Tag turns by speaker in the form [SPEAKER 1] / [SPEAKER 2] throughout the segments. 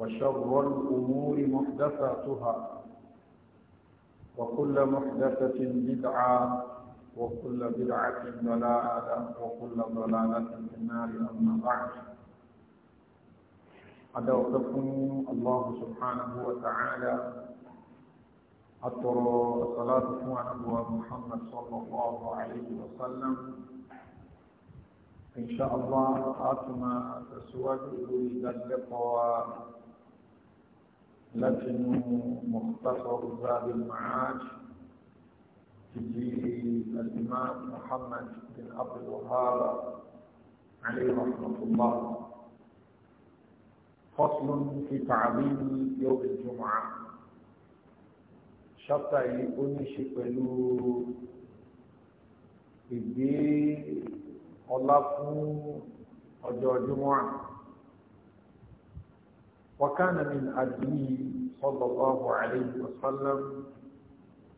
[SPEAKER 1] وشر الأمور محدثاتها وكل محدثة بدعة وكل بدعة ضلالة وكل ضلالة في النار أما بعد أدعوكم الله سبحانه وتعالى أطر الصلاة على محمد صلى الله عليه وسلم إن شاء الله أتما تسوى بإذن لقوا لكن مختصر باب المعاد تجيه الإمام محمد بن عبد الوهاب عليه رحمة الله فصل في تعظيم يوم الجمعة شرطة يكونش pẹ̀lú ìgbé ọlá fún ọjọ́ jùmọ̀ وكان من هديه صلى الله عليه وسلم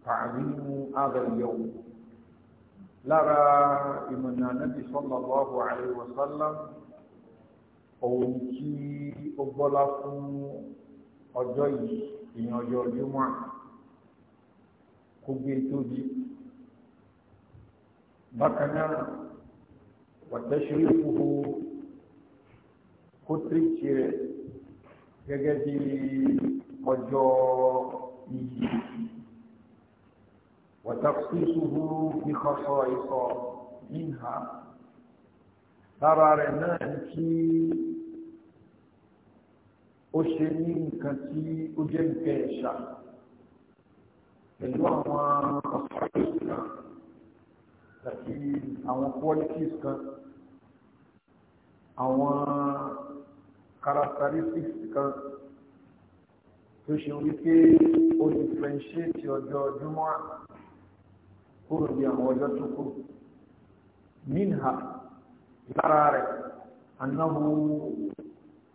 [SPEAKER 1] تعظيم هذا اليوم لرى إمام النبي صلى الله عليه وسلم òun kí ó gbọ́lá fún ọjọ́ yìí ìyẹn ọjọ́ júmọ́ kó gbé tóbi bákan náà wàtẹ́sírí fúhu kó tírìtì rẹ̀ gẹ́gẹ́ bí ọjọ́ iyì wọ̀tàkùsùsùhù bí kọ́sọ̀ ikọ̀ níhà lára rẹ̀ náà ní kí ó ṣe ní nǹkan tí ó jẹ́ nǹkan ẹ̀ṣà pẹ̀lú àwọn ọ̀sán àti àwọn qualities kan àwọn characteristics kan tó ṣe wípé ó differentiate du ọdúnmọ́ pour ní àwọn ọjọ́ tó kù minha lára rẹ̀ annahu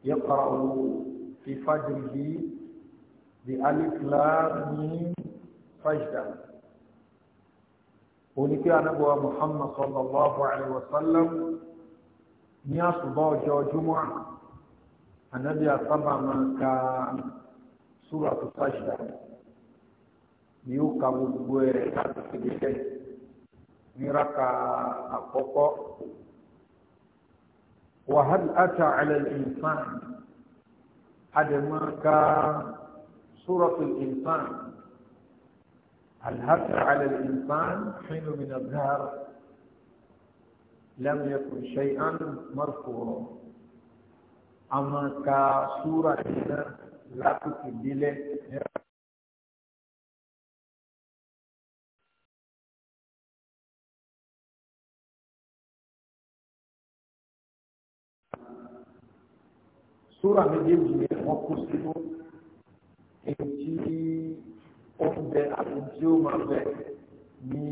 [SPEAKER 1] yaqra'u fi fajrihi bi alif lam mim fajda oníkẹ́ anábọ̀wá muhammad sallallahu alaihi wa sallam ní النبي صلى الله طبعا ك سورة السجدة يوكا بوبوي كاتبتي ميراكا أقوكو وهل أتى على الإنسان أدما ك سورة الإنسان هل أتى على الإنسان حين من الظهر لم يكن شيئا
[SPEAKER 2] مرفوضا àwọn ka súra ìná látòkè délẹ̀ súra méjèèjì ni wọ́n kó sínú
[SPEAKER 1] èyí tí ó ń bẹ àti tí ó máa bẹ ní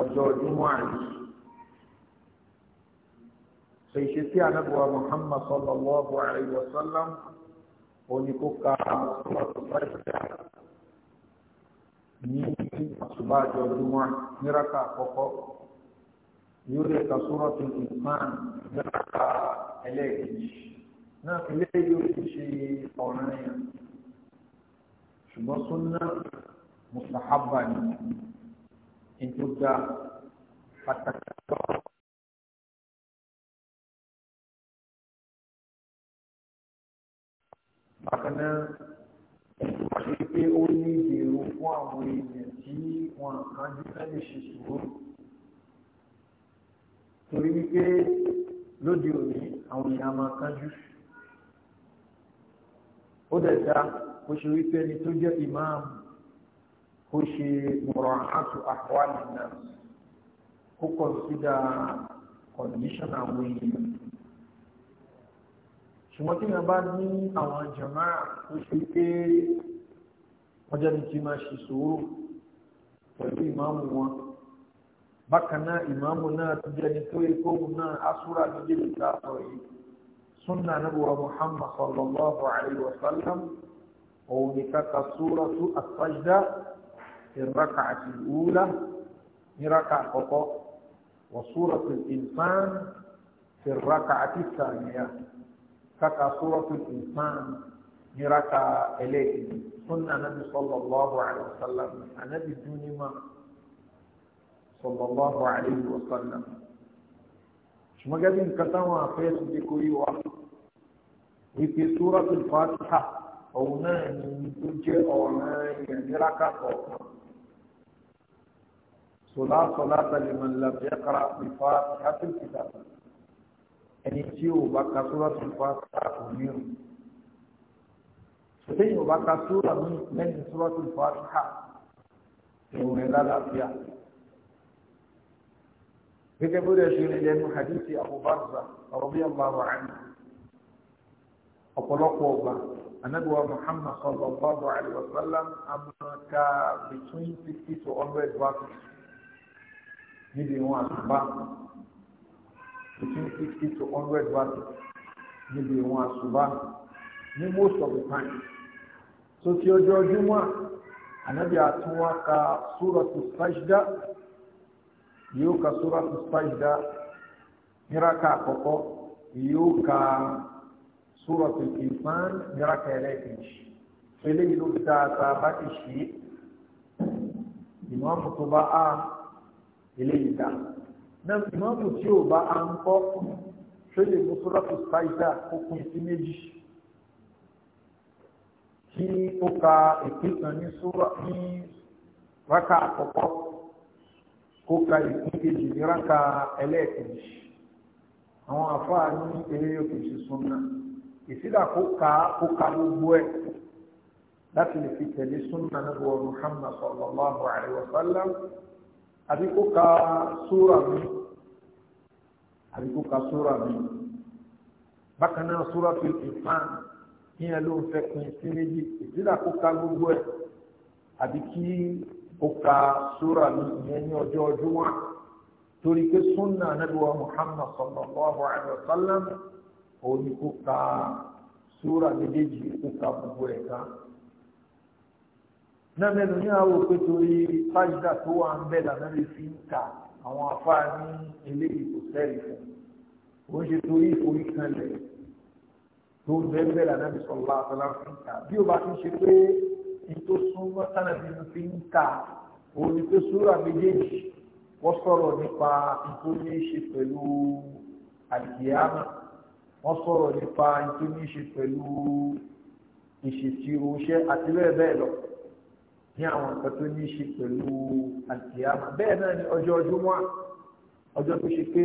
[SPEAKER 1] ọjọ́ ọdún márùn so ìṣesí anábùwà muhammad sallallahu alayhi wa sallam òní kó ka ní àṣùbájọ ọdúnwá níraka àkọ́kọ́ yóò lè ka súrọ́tù ìfán níraka ẹlẹ́ẹ̀kejì náà ilé yóò ti ṣe ọ̀ràn yẹn ṣùgbọ́n súnná mustahaba ni
[SPEAKER 2] ètò pàtàkì lọ́wọ́. bákan náà ṣe pé ó ní ìdèrò fún àwọn èèyàn tí
[SPEAKER 1] wọn kan jú fẹ́lẹ̀ ṣe sùúrù torí wípé lóde òní àwọn èèyàn máa kánjú ó dẹ̀dá ó ṣe wípé ẹni tó jẹ́ ìmáàmù ó ṣe mọ̀rọ̀ àtò àwàlì náà ó kọ̀nsídà kọ̀ndíṣọ̀n àwọn èèyàn ṣùgbọ́n tí yẹn bá ní àwọn jàmáà tó ṣe pé wọ́n jẹ́ ní kí máa ṣe sòwò pẹ̀lú ìmáàmù wọn bákan náà ìmáàmù náà tó jẹ́ ní tó ikú náà asúra méjèèjì tá a sọ yìí sunna nabuwa muhammad sallallahu alayhi wa sallam òun ni kaka suratu as-sajda ìraka àti ìwúlá ìraka àkọ́kọ́ wa suratu al-insan ìraka àti sàmìyà kàkà suratul insan nira ka ẹlẹ́yìn sunna anabi sallallahu alayhi wa sallam anabi dunima sallallahu alayhi wa sallam ṣùgbọ́n gẹ́gẹ́ bí nǹkan táwọn afẹ́sùn ti kó yí wa wípé suratul fatiha òun náà ni tó jẹ́ ọ̀nà ìrìnlẹ́raka kọ̀ọ̀kan. Sọlá sọlá tàlímọ̀ làbẹ́kara ìfà àti àtúntìtà ẹni tí ò bá ka sóra tó fa kò ní o sẹ́yìn ò bá ka sóra mi lẹ́yìn sóra tó fa ká ìwọ̀n ẹ̀ lálàáfíà gẹ́gẹ́ bó dẹ̀ ṣe ní lẹ́nu hadithi abubarza ọ̀rọ̀bí ọ̀bàwà ẹni ọ̀pọ̀lọpọ̀ ọba anabiwa muhammad sallallahu alaihi wa sallam amaka between sixty to hundred verses níbi wọn àtúbá between sixty to hundred verses níbi ìwọn àṣùbá ní most of the time so ti ọjọ́ ọdúnmọ́ ànábì àtúnwá ka suratu sajda yóò ka suratu sajda níraka àkọ́kọ́ yóò ka suratu insan níraka ẹlẹ́kejì eléyìí ló fi dáadáa bá ti ṣe ìmọ̀ àmọ̀tò bá a eléyìí dáa náà ìmọ̀ọ́mù tí ò bá ń kọ́ ṣó lè mú sọ́dọ̀tù ṣáìdà okùn sí méjì kí ó ka ìpín kan ní rákà àkọ́kọ́ kó ka ìpín kejì ní rákà ẹlẹ́ẹ̀kejì àwọn àfáà ní eré òkèjì súnmọ́ ìsídà kó ka kó ka gbogbo ẹ̀ láti lè fi tẹ̀lé súnmọ́ náà wọ Muhammad sallallahu alaihi wa sallam àbí kó ka súra mi àbí kó ka sóra mi bákan náà sóra fi ìfàn ìyẹn ló ń fẹ́ pin sí méjì ìdílà kó ka gbogbo ẹ̀ àbí kí ó ka sóra mi ìyẹn ní ọjọ́ ọdún wa torí pé sunna anabiwa muhammad sallallahu alayhi wa sallam òun ni kó ka sóra méjèèjì kó ka gbogbo ẹ̀ kan náà mẹ́nu ní àwọn òpè torí fáyidà tó wà ń bẹ̀ lànà lè fi ń kà àwọn afáà ní eléyìí kò sẹ́rì fún ó ń ṣe torí ìforí kanlẹ̀ tó ń bẹ́ẹ̀ bẹ́ẹ̀ lànà bí sọ̀rọ̀ àtàlà fi ń kà bí ó bá ti ṣe pé ní tó súnmọ́ sánà bí mo fi ń kà òun ni pé méjèèjì wọ́n sọ̀rọ̀ nípa ìtò ní í ṣe pẹ̀lú àdìyámà wọ́n sọ̀rọ̀ nípa ìtò ní í ṣe pẹ̀lú ìṣèṣirò iṣẹ́ àti bẹ́ẹ̀ bẹ́ẹ̀ lọ ní àwọn nǹkan tó ní í ṣe pẹ̀lú àtìyámà bẹ́ẹ̀ náà ni ọjọ́ ọjọ́mọ́ ọjọ́ tó ṣe pé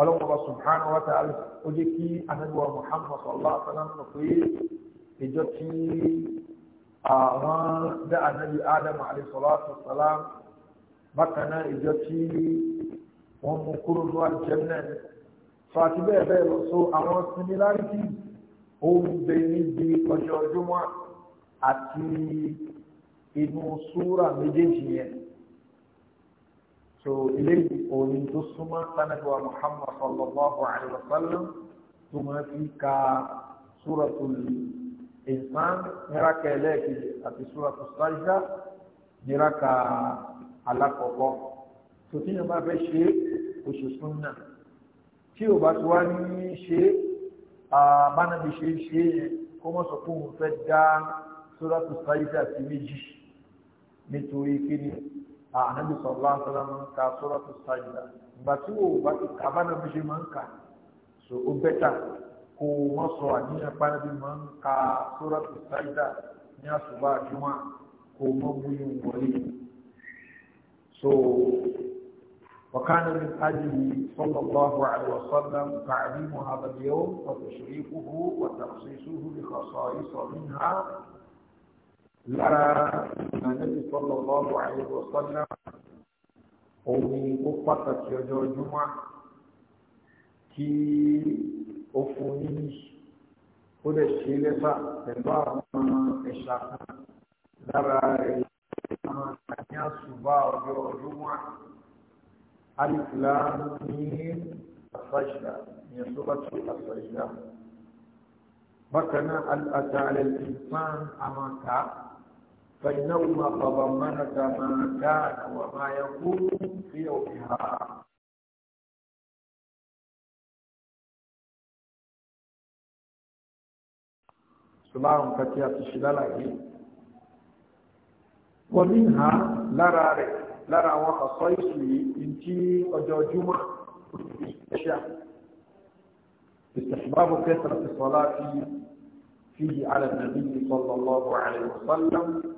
[SPEAKER 1] ọlọ́mọba subhanahu wa ta'ala ó jẹ́ kí anábíwá muhammad sallallahu alaihi wa sallam sọ pé ìjọ tí àwọn dá anábí adam alayhi salatu wa salam bákan náà ìjọ tí wọ́n mú kúrò lọ́wọ́ àjẹ́mẹ́ fàtí bẹ́ẹ̀ bẹ́ẹ̀ lọ so àwọn similarity ó ń bẹ níbi ọjọ́ ọjọ́mọ́ àti inú súra méjèèjì yẹn so eléyìí òní tó súnmọ́ sanadiwa muhammad sallallahu alayhi wa sallam tó máa fi ka suratul insan níraka ẹlẹ́ẹ̀kejì àti suratul sajda níraka alákọ̀ọ́kọ́ tó tí yẹn bá fẹ́ ṣe oṣù súnà tí ò bá ti wá ní ṣe bánàbí ṣe ṣe yẹn kó mọ́ sọ fún òun fẹ́ dá suratul sajda sí méjì nítorí kí ni ànábì sallallahu alaihi wasallam ń ka suratu sajda ìgbà tí wò bá ti kà bá nàbí ṣe máa ń kà so ó bẹ́tà kó o mọ́ sọ àníyàn pánábí máa ń ka suratu sajda ní àsùbá àjùmọ̀ kó o mọ́ búyú wọlé so وكان من أجله صلى الله عليه وسلم تعليم هذا اليوم وتشريفه وتخصيصه بخصائص منها lára ànábì sallallahu alaihi wasallam òun ó pàtàkì ọjọ́ Jímọ̀ kí ó fún yín ó lè ṣe lẹ́sà pẹ̀lú àwọn ẹ̀ṣà kan lára rẹ̀ àwọn àti àṣùbà ọjọ́ Jímọ̀ alìfìlà ní àṣàṣà ìyẹn tó bá bákan náà àti àlẹ́ ìfàn àmàkà. فإنهما تضمنت
[SPEAKER 2] ما كان وما يكون في يومها سلام فتيات الشلالة ومنها
[SPEAKER 1] لرى لرى وخصائص انتي وجوجمة استحباب كثرة الصلاة فيه على النبي صلى الله عليه وسلم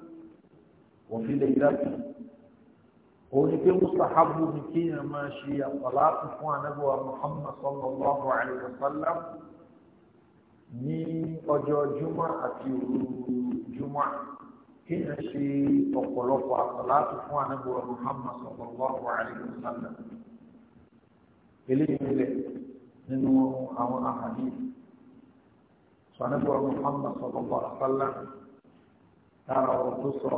[SPEAKER 1] وفي lè dájú òun ni pé mustahabu ni kéèyàn máa ṣe àpàlàkù fún anábọ̀wá muhammad sallallahu alayhi wa sallam ní ọjọ́ jumá àti òru jumá kéèyàn ṣe ọ̀pọ̀lọpọ̀ àpàlàkù fún anábọ̀wá muhammad sallallahu alayhi wa sallam eléyìí lẹ nínú àwọn àhàdí sọ muhammad sallallahu alayhi wa sallam ọ̀rọ̀ tó sọ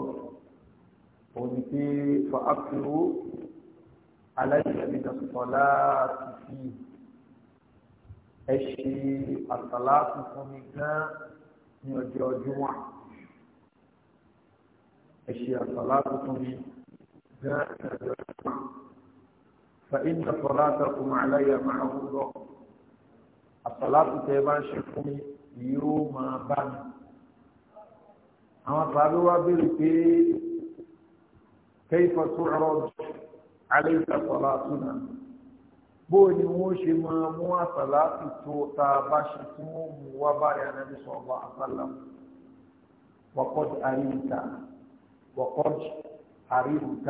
[SPEAKER 1] òní pé fa ápùrú aláìsẹ̀mí ìdàsọ̀lá ti fi ẹ ṣe àtàlá tuntun mi gan ní ọjọ́ ọdún wà ẹ ṣe àtàlá tuntun mi gan ní ọjọ́ ọdún wà fa iná sọ̀lá takùn aláyà máa wúrọ̀ àtàlá tuntun ẹ bá ń ṣe fún mi yóò máa bá mi àwọn tàbí wá béèrè pé. كيف تعرض عليك صلاتنا بوني موشي ما مو صلاة توتا باشتوم وبايا نبي صلى الله عليه وسلم وقد أريت وقد أريت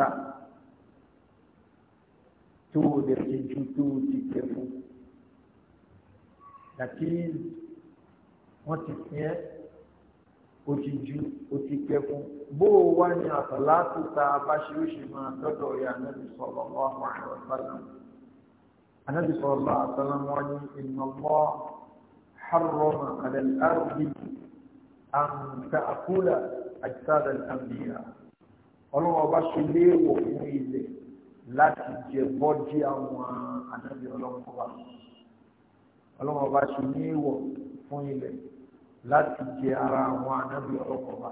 [SPEAKER 1] تو درجي تو تكفو لكن وتكيه ó ti ju ó ti kẹkun bó o wá ní àtàlátù tá a bá ṣe ó ṣe máa dọ́dọ̀ rẹ̀ ànábì sallallahu alaihi wasallam ànábì sallallahu alaihi wasallam wọn ní inna Allah harrama ala al-ardi an ta'kula ajsad al-anbiya ọlọ́run ṣe léèwọ̀ fún ilẹ̀ láti jẹ bọ́dí àwọn ànábì ọlọ́run ọba ṣe léèwọ̀ fún ilẹ̀ láti jẹ ara àwọn anábì ọlọ́kọ̀ọ́bà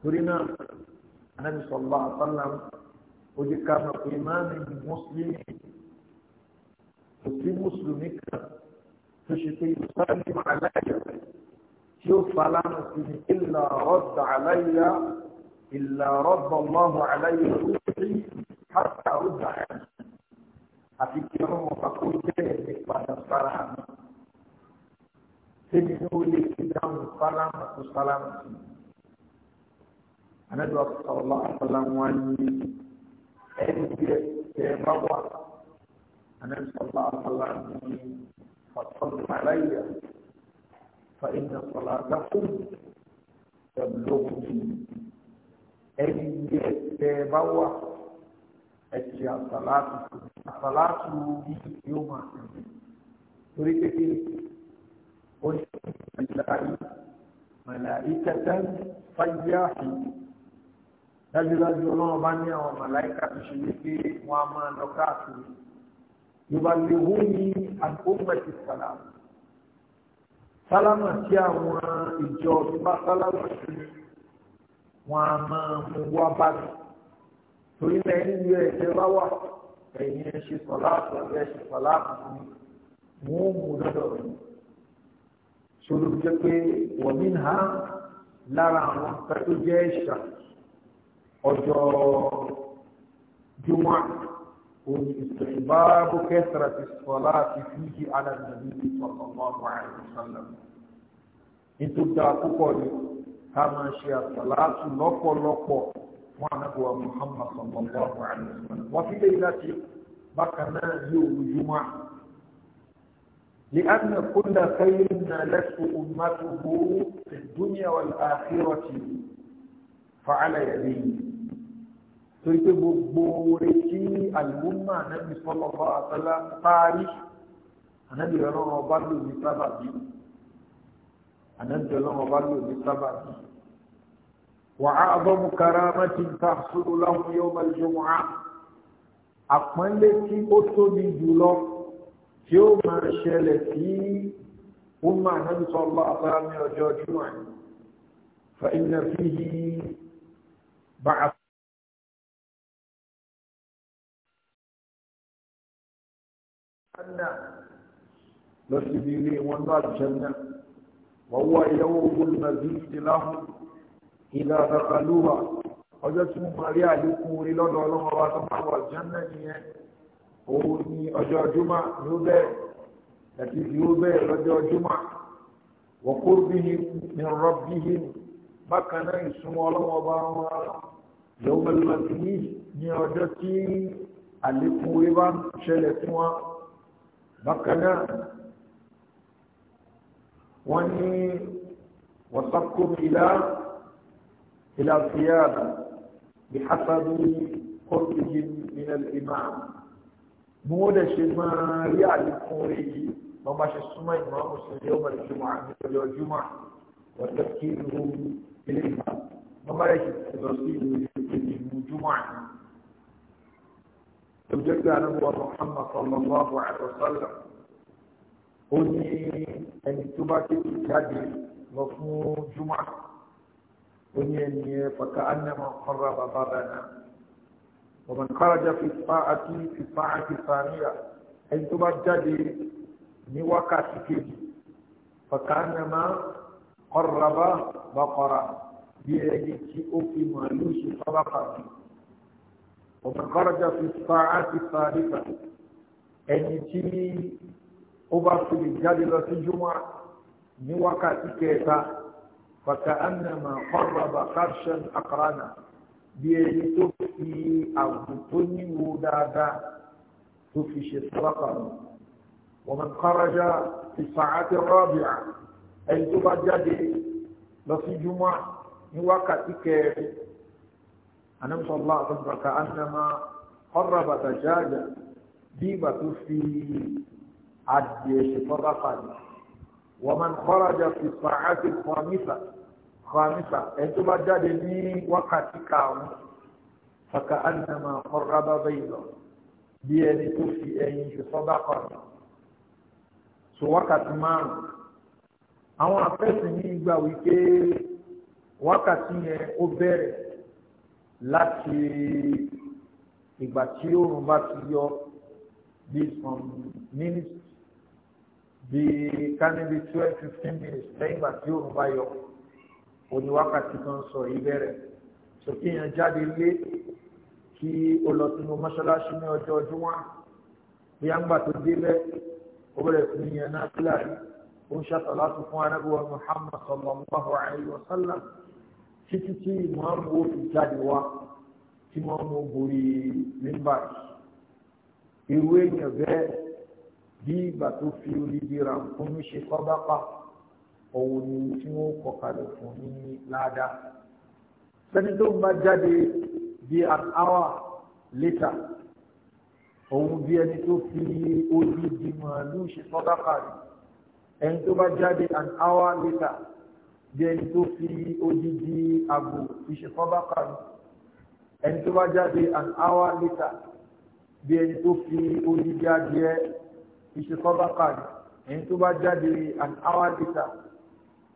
[SPEAKER 1] torí náà anábì sallallahu alaihi wasallam ó jẹ́ ká mọ̀ pé máa ń ní mùsùlùmí kò sí mùsùlùmí kan tó ṣe pé ìsọ́lẹ̀ máa láyà tí ó falánà sí ní ìlà rọ́dà aláyà ìlà rọ́dà ọlọ́run aláyà lórí hàtà ó dà àti kí ọmọ ọba kó jẹ́ ẹ̀ padà sára àná tẹ́mi ní ó lè kí dáhùn sálámù tó sálámù sí. Anájọ́ sọ̀rọ̀ àtàlámù wá ní ẹni tí ẹ bá wà. Anájọ́ sọ̀rọ̀ àtàlámù ní fàtọ́lù àláyà fa iná sọ̀rọ̀ àtàkùn ẹ̀bùdókùn. Ẹni tí ẹ bá wà ẹ̀kí àtàlátù àtàlátù yóò máa tẹ̀lé. Torí kékeré. قل الله ملائكة صياحين dájúdájú ọlọ́run bá ní àwọn màláìka tó ṣe wípé wọn a máa lọ káàkiri yorùbá lè wó ní àgbóǹgbẹ̀tì sàlámù sálámù tí àwọn ìjọ tó bá sálámù sí wọn a máa mú wá bá mi torí lẹ́yìn ìlú ẹ̀jẹ̀ bá wà ẹ̀yìn ẹ̀ ṣe sọ̀láàtọ̀ ẹ̀ ṣe sọ̀láàtọ̀ fún mi mò ń lọ́dọ̀ mi. سورو جكي ومنها لارا وقتو جيشة اوجو جمعة ومن استحباب كثرة الصلاة فيه على النبي صلى الله عليه وسلم انتو بتاعتو قولي كما شيئا صلاة لقو لقو وانقوى محمد صلى الله عليه وسلم وفي ليلة بكنا يوم جمعة لأن كل خير نالته أمته في الدنيا والآخرة فعلى يديه torí pé gbogbo oore tí àlùmọ́ ànábì sọ́lọ́bọ́ àtọ́lá ń parí ànábì ọlọ́run ọba lò ní sábàbí ànábì ọlọ́run ọba lò ní sábàbí wà á bọ́mú kara mẹ́tì ń ta sódò láwọn yóò máa jọmọ́ á àpọ́nlé tí ó tóbi jùlọ tí ó máa ṣẹlẹ̀ sí umma nabi sallallahu alaihi wasallam ní ọjọ́ jùmọ̀
[SPEAKER 2] fa inna fihi ba'ath anna lọ sí ibi ilé wọn lọ àjẹmọ́ wọ́n wá ìyàwó ogun
[SPEAKER 1] mazid láhùn ìlà àtàkàlúwà ọjọ́ tí mo máa rí orí lọ́dọ̀ ọlọ́mọba tó máa wà jẹ́ náà nìyẹn òun ní ọjọ́ júmọ́ ni ó bẹ̀rẹ̀ àti ìdí ó bẹ̀rẹ̀ lọ́jọ́ júmọ́ wa qurbihim min rabbihim bákan náà ìsúnmọ́ ọlọ́wọ́ bá wọn yawmal matin ní ọjọ́ tí àlékún orí bá ń ṣẹlẹ̀ fún wa bákan náà wọ́n ní wasaqum ila ila thiyab bihasabi qurbihim min al-imam bí wọ́n dẹ̀ ṣe máa rí àlékún orí yìí wọ́n bá ṣe súnmọ́ ìmọ̀ mùsùlùmí ọmọ ìjùmọ̀ àti ọjọ́ jùmọ̀ wọ́n tẹ̀ kí ìlú ilé ìgbà wọ́n bá rẹ̀ ṣe lọ sí ìlú ìlú jùmọ̀ àná. Ìjọ ìgbà náà wọ́n Muhammad sallallahu alaihi wa sallam. Ó ní ẹni tó bá tètè jáde lọ fún jùmọ̀. Ó ní ẹni yẹn fọ̀tà ọmọ nkárajá fi fa àti fi fa àti fa níyà ẹni tó bá jáde ní wákàtí kejì fàkànnàmá ọ̀rọ̀bá bàkọ̀rà bí ẹni tí ó fi màálù ṣe sábàkà sí ọmọ nkárajá fi fa àti fa níyà ẹni tí ó bá fi lè jáde lọ sí júmọ́ ní wákàtí kẹta fàkànnàmá ọ̀rọ̀bá kárṣẹ́ àkàrà náà bí ẹni tó fi ààbò tó níwò dáadáa tó fi ṣe sọ́lápà nù wọ́n mọ̀ kárájá ti sàáàtì rọ́bìà ẹni tó bá jáde lọ sí júmọ́ ní wákàtí kẹrin anamsọ́lá àtọ́sọ́ka anamá ọ̀rọ̀bàtà jáàjà bí tó fi adìẹ ṣe sọ́lápà nù wọ́n mọ̀ kárájá ti kọ́mísà khamisa ẹni tó bá jáde ní wákàtí kààrún fàkà àdìsàmà ọ̀rọ̀bá bẹ́yìí lọ bí ẹni tó fi ẹyin ṣe sọ́dá kọ̀ọ̀nà so wákàtí márùn àwọn afẹ́sìn ní ìgbà wípé wákàtí yẹn ó bẹ̀rẹ̀ láti ìgbà tí oòrùn bá ti yọ bí some minutes time kánibí twelve fifteen minutes òní wákàtí kan sọ yìí bẹ̀rẹ̀ sókè yẹn jáde lé kí o lọ mọ́ṣáláṣí ní ọjọ́ ọdún wa bí a ń gbà tó délẹ̀ ó bẹ̀rẹ̀ sí ní yẹn náà kíláàrí ó ń ṣàtọ̀ láti fún arábíwá Muhammad sallallahu alayhi wa sallam títí tí ìmọ̀ọ́mù ó fi jáde wá tí wọ́n mú borí nígbà irú èèyàn bẹ́ẹ̀ bí ìgbà tó fi orí fún mi ṣe kọ́ bá pa òun ni tí wọ́n kọ kalẹ̀ fún ní ládàá sẹ́ni tó ń bá jáde bí an hour later òun bí ẹni tó fi ojú di màálù ṣe sọ́dáka rẹ̀ ẹni tó bá jáde an hour later bí ẹni tó fi ojú di àgbò fi ṣe sọ́dáka rẹ̀ ẹni tó bá jáde an hour later bí ẹni tó fi ojú di adìẹ fi ṣe sọ́dáka rẹ̀ ẹni tó bá jáde an hour later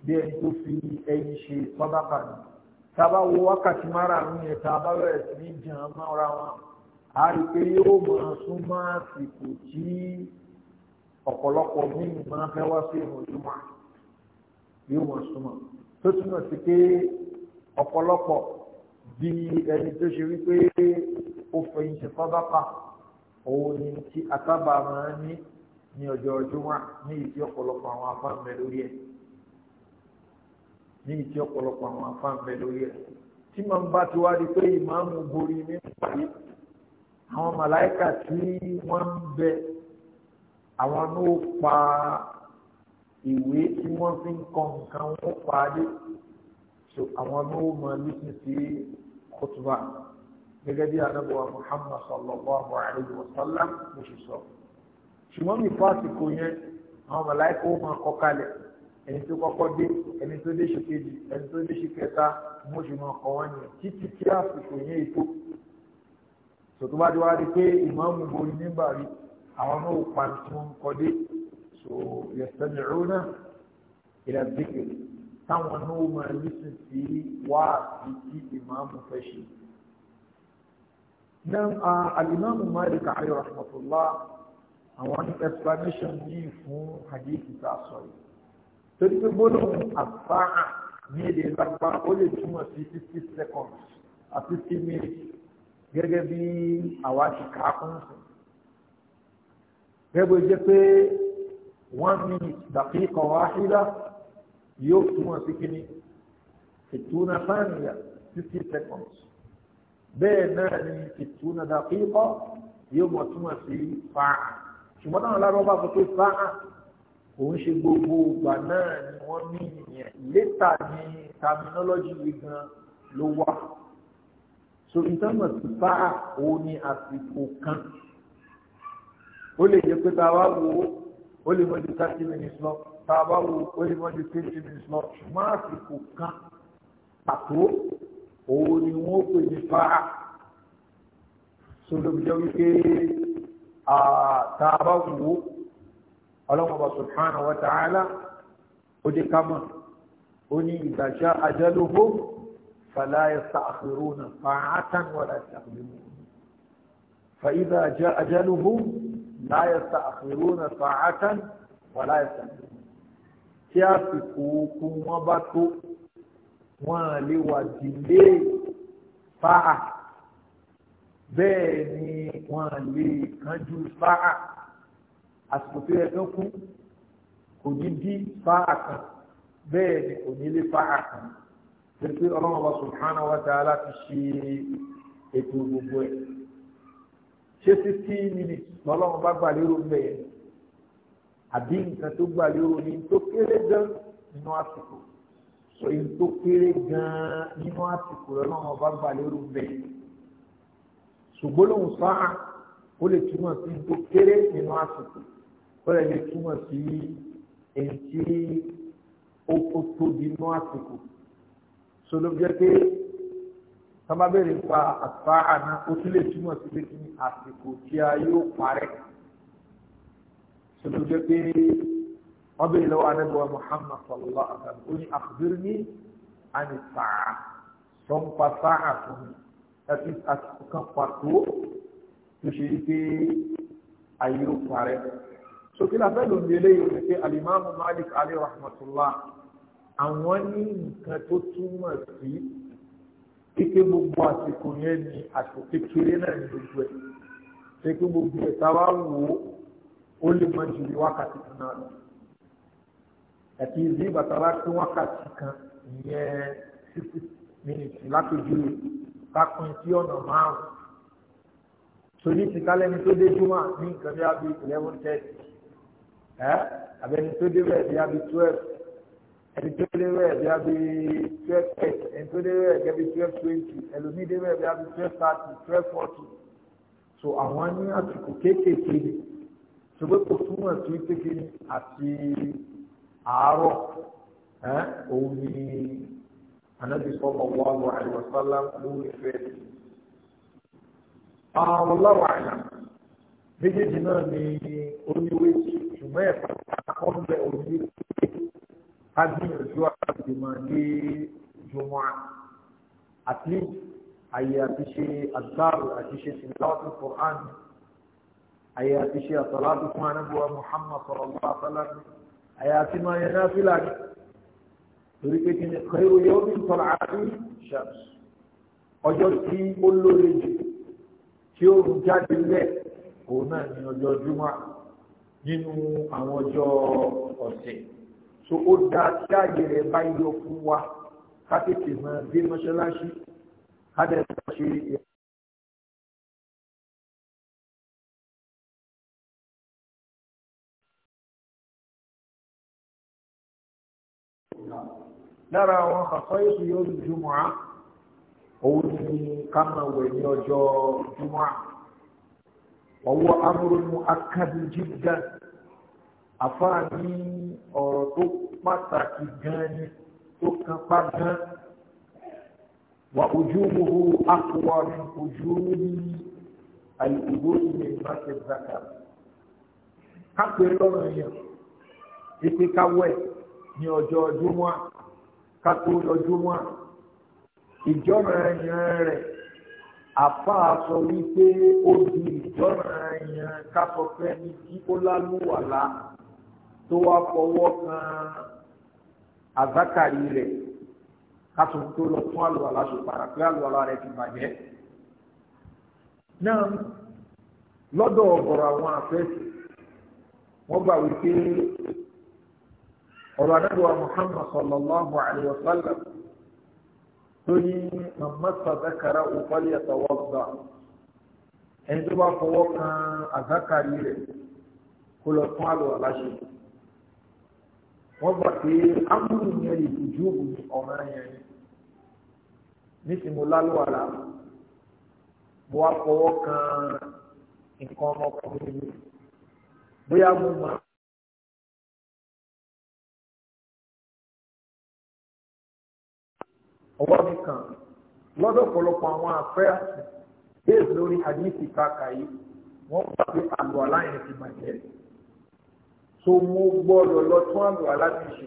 [SPEAKER 1] bí ẹni tó fi ẹyin ṣe pábákà ni tábà wo wákàtí márààrún yẹn tá a bá bẹ̀rẹ̀ sí ní jàn án mọ́ra wọn a rí i pé yóò máa sún mọ́ àsìkò tí ọ̀pọ̀lọpọ̀ mímu máa fẹ́ wá sí ìmọ̀júmọ́ yóò máa sún mọ́ tó túmọ̀ sí pé ọ̀pọ̀lọpọ̀ bí ẹni tó ṣe wípé ó fẹ̀yìn ṣe pábákà òun ni ti àtàbà máa ní ní ọjọ́ ọjọ́ wa ní ìdí ọ̀pọ̀lọpọ̀ àwọn afáàmẹ́ lórí ẹ̀ ní ìtí ọ̀pọ̀lọpọ̀ àwọn afáǹfẹ́ lórí ẹ̀ tí màá bá ti wá di pé ìmáàmù borí ní pàdé àwọn màláìkà tí wọ́n ń bẹ àwọn ló pa ìwé tí wọ́n fi ń kọ nǹkan wọ́n pa á dé àwọn ló mọ lísìn sí kótóbá gẹ́gẹ́ bí anábọ̀wá Muhammad sallallahu alayhi wa sallam ló ṣe sọ ṣùgbọ́n mi fásitì kò yẹn àwọn màláìkà ó máa kọ kalẹ̀ ẹni tó kọ́kọ́ dé ẹni tó dé ṣèkejì ẹni tó dé ṣèkẹta mo sì mọ ọkọ wọn yẹn títí tí àsìkò yẹn ètò sòtò bá dé wá di pé ìmáàmù borí nígbà rí àwọn náà pa tí wọ́n ń kọ́ dé so yastami'una ila dhikr táwọn náà máa lísìn sí wá àti tí fẹ́ ṣe. náà al-Imamu Malik alayhi àwọn explanation yìí fún hadith tá sọ yìí torí pé gbólóhùn àfáà ní èdè lápá ó lè túmọ̀ sí fifty seconds àti fifty minutes gẹ́gẹ́ bí àwa ti kà á kún sí. gẹ́gẹ́ bó jẹ́ pé one minute dàkíkà wáhídà yóò túmọ̀ sí kíní fìtúnà sáàníyà fifty seconds bẹ́ẹ̀ náà ni fìtúnà dàkíkà yóò mọ̀ túmọ̀ sí fáà ṣùgbọ́n táwọn aláàbọ̀ bá sọ pé fáà òun ṣe gbogbo ìgbà náà ni wọ́n ní ìyẹn létà ní terminology yìí gan ló wà so ìtọ́nà ti bá òun ní àsìkò kan ó lè jẹ́ pé tá a wá wo ó lè mọ ju thirty minutes lọ tá a bá wo ó lè mọ ju fifty minutes lọ ṣùgbọ́n àsìkò kan pàtó òun ni wọ́n pè ní bá so lóbi jẹ́ wípé tá a bá wo ọlọ́mọba subhanahu wa ta'ala ó dé kámọ̀ ó ní ìgbàjá ajaluhum fala yasta'khiruna sa'atan wala yastaqdimun fa idha ja'a ajaluhum la yasta'khiruna sa'atan wala yastaqdimun tí àsìkò okun wọn bá tó wọn lè wà dìlé fáà bẹ́ẹ̀ ni wọn lè kánjú fáà àsìkò tó yẹ kán kú kò ní bí fáà kan bẹ́ẹ̀ ni kò ní lé fáà kan pẹ̀lú ọlọ́run ọba subhanahu wa ta'ala ti ṣe ètò gbogbo ẹ̀ ṣé fifty minutes lọ́lọ́run bá gbà lérò bẹ́ẹ̀ àbí nǹkan tó gbà lérò ní tó kéré gan nínú àsìkò sọ yìí tó kéré gan nínú àsìkò lọ́lọ́run ọba gbà lérò bẹ́ẹ̀ ṣùgbọ́n lóhùn sáà ó lè túmọ̀ sí tó kéré nínú àsìkò bẹ́ẹ̀ ni túmọ̀ sí èyí tí ó kó tóbi mọ́ àsìkò so ló jẹ́ pé sábà bẹ̀rẹ̀ nípa àtúbà àná ó tún lè túmọ̀ sí pé kí àsìkò tí a yóò parẹ́ so ló jẹ́ pé wọ́n bẹ̀rẹ̀ lọ́wọ́ anábọ̀ Muhammad sallallahu alaihi wa sallam ó ní akhbirni àni sàá sọ ń pa sáà fún mi àti àsìkò kan pàtó tó ṣe pé a yóò parẹ́ sókè la fẹ́ ló ń délé yìí pé alimami malik alayhi rahmatullah àwọn ní nǹkan tó túmọ̀ sí kíké gbogbo àsìkò yẹn ni àsìkò kékeré náà ní gbogbo ẹ̀ ṣé kí gbogbo ẹ̀ tá a wá wò ó ó lè má ju ní wákàtí kan náà lọ àti ìdí bàtà bá pín wákàtí kan ìyẹn sixty minutes lápèjú rẹ̀ ká pín ọ̀nà márùn-ún torí ti kálẹ́ni tó dé júmọ̀ ní nǹkan bí a eleven thirty àbẹni tó débẹ̀ bí a bí twelve ẹni tó débẹ̀ bí a bí twelve eight ẹni a bí twelve twenty ẹlòmíì débẹ̀ bí a bí twelve thirty twelve forty so àwọn ní àsìkò kéékèèké ni ṣùgbọ́n kò túmọ̀ sí kékeré àti àárọ̀ òun ni anabi sọ́mọ̀ wà lọ àìwọ̀sálà lórí ìfẹ́ rẹ̀. àwọn ọlọ́wọ́ àyà méjèèjì náà ni oníwèjì ṣùgbọ́n ẹ̀fà àkọ́bẹ̀ òbí agbìyànjú àti máa dé jùmọ̀ at least àyè àti ṣe àgbàrò àti ṣe tìlátù Qur'an àyè àti ṣe àtàlátù fún anábùwà Muhammad sallallahu alaihi wasallam àyè àti máa yẹn náà fílà ní torí pé kí ni khairu yawmin tal'atuhu shams ọjọ́ tí ó lóore jù tí ó jáde lẹ̀ òun náà ní ọjọ́ jùmọ̀ nínú àwọn ọjọ́ ọ̀sẹ̀ so ó dá tí ààyè rẹ̀ bá yọ fún wa
[SPEAKER 2] ká tètè máa dé mọ́ṣáláṣí ká dẹ̀ ṣe ìrìn. lára àwọn àkọ́ èsù yóò á òun ni ká máa wẹ̀ ní ọjọ́
[SPEAKER 1] jùmọ̀ á ọwọ́ amúrúnmú akádù jíga àfáà ní ọ̀rọ̀ tó pàtàkì gan ni tó kápá gan wà ojú owó akọwà ní ojú ní àìkúgbó ilẹ̀ ìbáṣẹ̀ zaka kápẹ́ lọ́rọ̀ yẹn ipe káwẹ́ ní ọjọ́ ọdún wa kátó ọdún wa ìjọ́ra ẹ̀yàn rẹ̀ àfa sọ wípé ó di ìjọ́ra èèyàn kásọpẹ́ ní kí ó lálùwàlá tó wá fọwọ́ kan àzákàrí rẹ̀ kátó tó lọ fún àlùwàlá ṣe padà pé àlùwàlá rẹ̀ ti bàjẹ́. náà lọ́dọ̀ ọ̀gọ̀rọ̀ àwọn àfẹ́sì wọ́n gbà wípé ọ̀rọ̀ anábìwá Muhammad sallallahu alayhi wa sallam tó ní mamasa zakara òfàlì àtàwọ́gbà ẹni tó bá fọwọ́ kan àzákàrí rẹ̀ kó lọ tún àlọ́ aláṣẹ wọ́n gbà pé amúlù yẹn lè fojú òun ọ̀ràn yẹn nísìnyí mo lálọ́ àlà mo wá
[SPEAKER 2] fọwọ́ kan nǹkan ọmọkùnrin mi bóyá mo máa. ọwọ́ mi kàn lọ́dọ̀ ọ̀pọ̀lọpọ̀ àwọn àfẹ́àsì bẹ́ẹ̀
[SPEAKER 1] lórí àdìsí kàkà yìí wọ́n gbà pé àlọ́ aláyẹn ti bàjẹ́ tó mú gbọ́dọ̀ lọ tún àlọ́ aláyẹn ṣe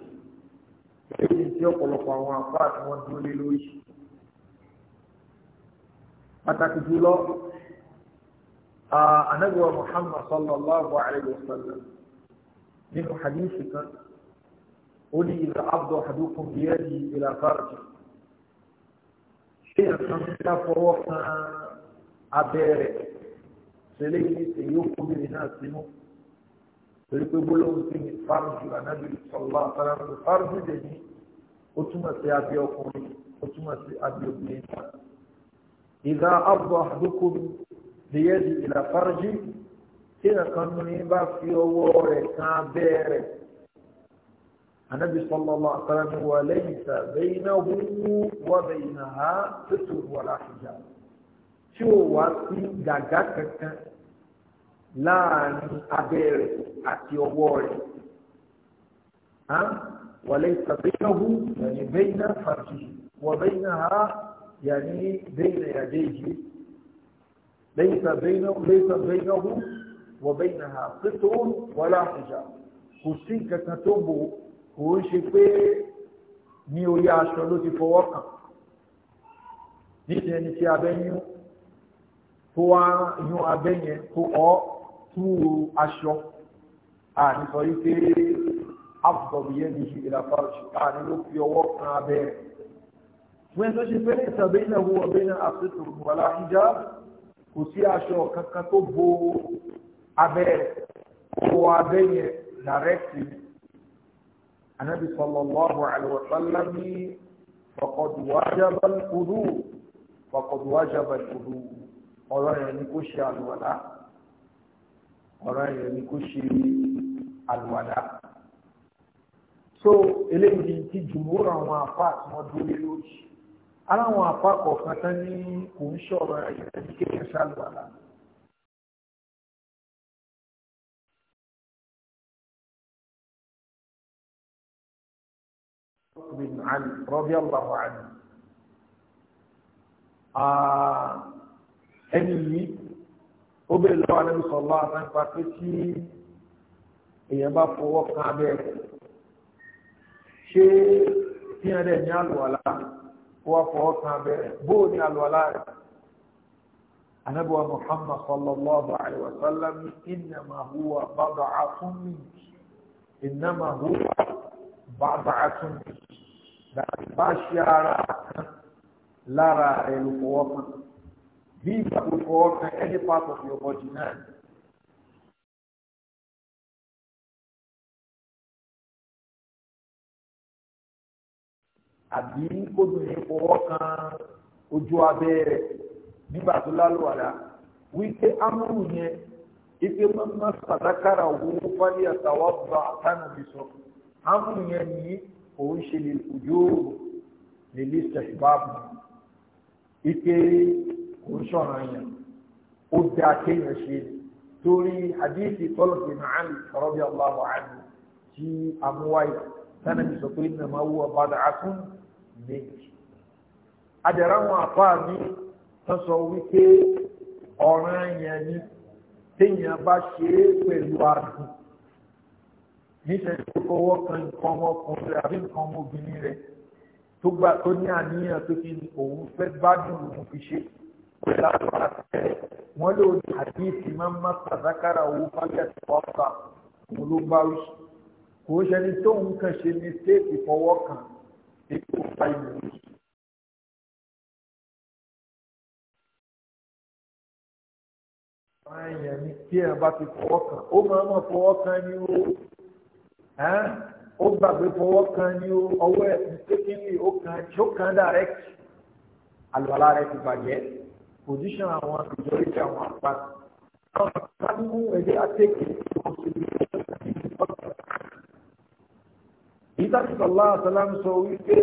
[SPEAKER 1] èyí tí ọ̀pọ̀lọpọ̀ àwọn àfẹ́àsì wọn dúró lé lórí pàtàkì jùlọ anabiwa muhammad sallallahu alayhi wa sallam nínú àdìsí kan ó ní ìlà abdul hadukun biyẹ́ni ìlà fàrùjì kéèyàn kan ká fọwọ́ kan abẹ́rẹ́ ṣẹlẹ̀ yìí ṣe yóò kó bìnrin náà sínú torí pé gbólóhùn sí ni fárúdù ànábì sọlá àtàràmù fárúdù dè ní ó túmọ̀ sí abẹ́ ọkùnrin ó túmọ̀ sí abẹ́ obìnrin náà. ìdá àbọ̀ àdókòm lèyẹ́ di ìlà fárúdù kéèyàn kan ní bá fi ọwọ́ rẹ̀ kan abẹ́rẹ́ النبي صلى الله عليه وسلم وليس بينه وبينها ستر ولا حجاب شو واتي جاكاكا لا أبير أتي أبوري ها وليس بينه يعني بين فرجه وبينها يعني بين يديه ليس بينه ليس بينه وبينها ستر ولا حجاب خصيكا تتوبوا kò ń ṣe pé ní orí aṣọ ló ti fọwọ́ kàn níṣẹ́ ni tí abẹ́yún tó wá yún abẹ́yẹn tó ọ́ tú aṣọ àníkọ̀ yí pé afọ̀bù yẹn ní ṣe ìlàpá àní ló fi ọwọ́ kan abẹ́ rẹ̀ wọ́n tó ṣe pé ní ìtàbí náà wo ọ̀bẹ náà àfẹ́tò wàlá ń já kò sí aṣọ kankan tó bo abẹ́ rẹ̀ tó abẹ́yẹn dàrẹ́kìtì النبي صلى الله عليه وسلم فقد وجب الوضوء فقد وجب الوضوء ọ̀rọ̀ yẹn ni kó ṣe àlùwàlá ọ̀rọ̀ yẹn ni kó ṣe àlùwàlá so eléyìí ti jùmúrò àwọn apá tí wọ́n
[SPEAKER 2] dúró lórí aláwọn apá kọ̀ọ̀kan tán ní kò ń ṣọ̀rọ̀ ẹ̀yìn kékeré ṣàlùwàlá. بن علي رضي الله عنه ẹni
[SPEAKER 1] yìí ó bèèrè lọ́wọ́ Ànábì sallallahu alaihi wasallam nípa pé tí èèyàn bá fọwọ́ kan abẹ́ ṣé tí ẹ̀rẹ́ ní àlùwàlá ó wá fọwọ́ kan abẹ́ bóò ní àlùwàlá rẹ̀ Ànábì wa Muhammad sallallahu alaihi wasallam innama huwa bad'atun minki innama huwa bàbá àtúndì bá ṣe ara kan lára rẹ̀ ló fọwọ́ kan bí ìgbà tó fọwọ́
[SPEAKER 2] kan any part of your body náà. àbí kóbìnrin fọwọ́ kan ojú abẹ́ rẹ̀ nígbà tó lálùwàlá
[SPEAKER 1] wípé amúrù yẹn ipe mọ́mọ́ sàdákàrà owó fálíà tàwọ́ bá àtànà mi sọ̀rọ̀ amúlù yẹn ní òun ṣe lè ojú lè lè sẹ̀sìbáàbù ike òun ṣọ̀ràn yẹn ó dá kéèyàn ṣe torí àdéhìí tọ́lọ̀ fi máa ń sọ̀rọ̀ bí aláwọ̀ àdùn tí amúwáyé sanabi sọ pé nàmá wú ọba dàákún méjì adẹ̀ráwọn àfáà mi wọ́n wípé ọ̀ràn yẹn ni téèyàn bá ṣe é pẹ̀lú àdùn nítorí tó kọwọ́ kan nǹkan ọmọkùnrin rẹ̀ àbí nǹkan ọmọbìnrin rẹ̀ tó gbà tó ní àníyàn tó fi òun fẹ́ gbádùn òun fi ṣe pẹ̀lú àwọn àtẹ̀rẹ̀ wọ́n lò ní àdíyèsí máa ń má sàdákàrà owó fákẹ́tì ọ̀fà òun ló bá
[SPEAKER 2] wí kò ó ṣẹni tóun kàn ṣe ní téèpì fọwọ́ kan ètò ìfà ìlú yìí. àwọn èèyàn ní tí ẹ bá ti fọwọ́ kan ó máa ń fọwọ́ kan ní owó
[SPEAKER 1] ó gbàgbé fọwọ́ kan ní ọwọ́ ẹ̀ mistakenly ó kan tí ó kan direct àlùbálá rẹ̀ ti bàjẹ́ position àwọn majority àwọn apá àwọn apá mú ẹgbẹ́ àtẹ́kì tó ń ṣe bí ìtàkì sọ̀lá àtàlámù sọ wípé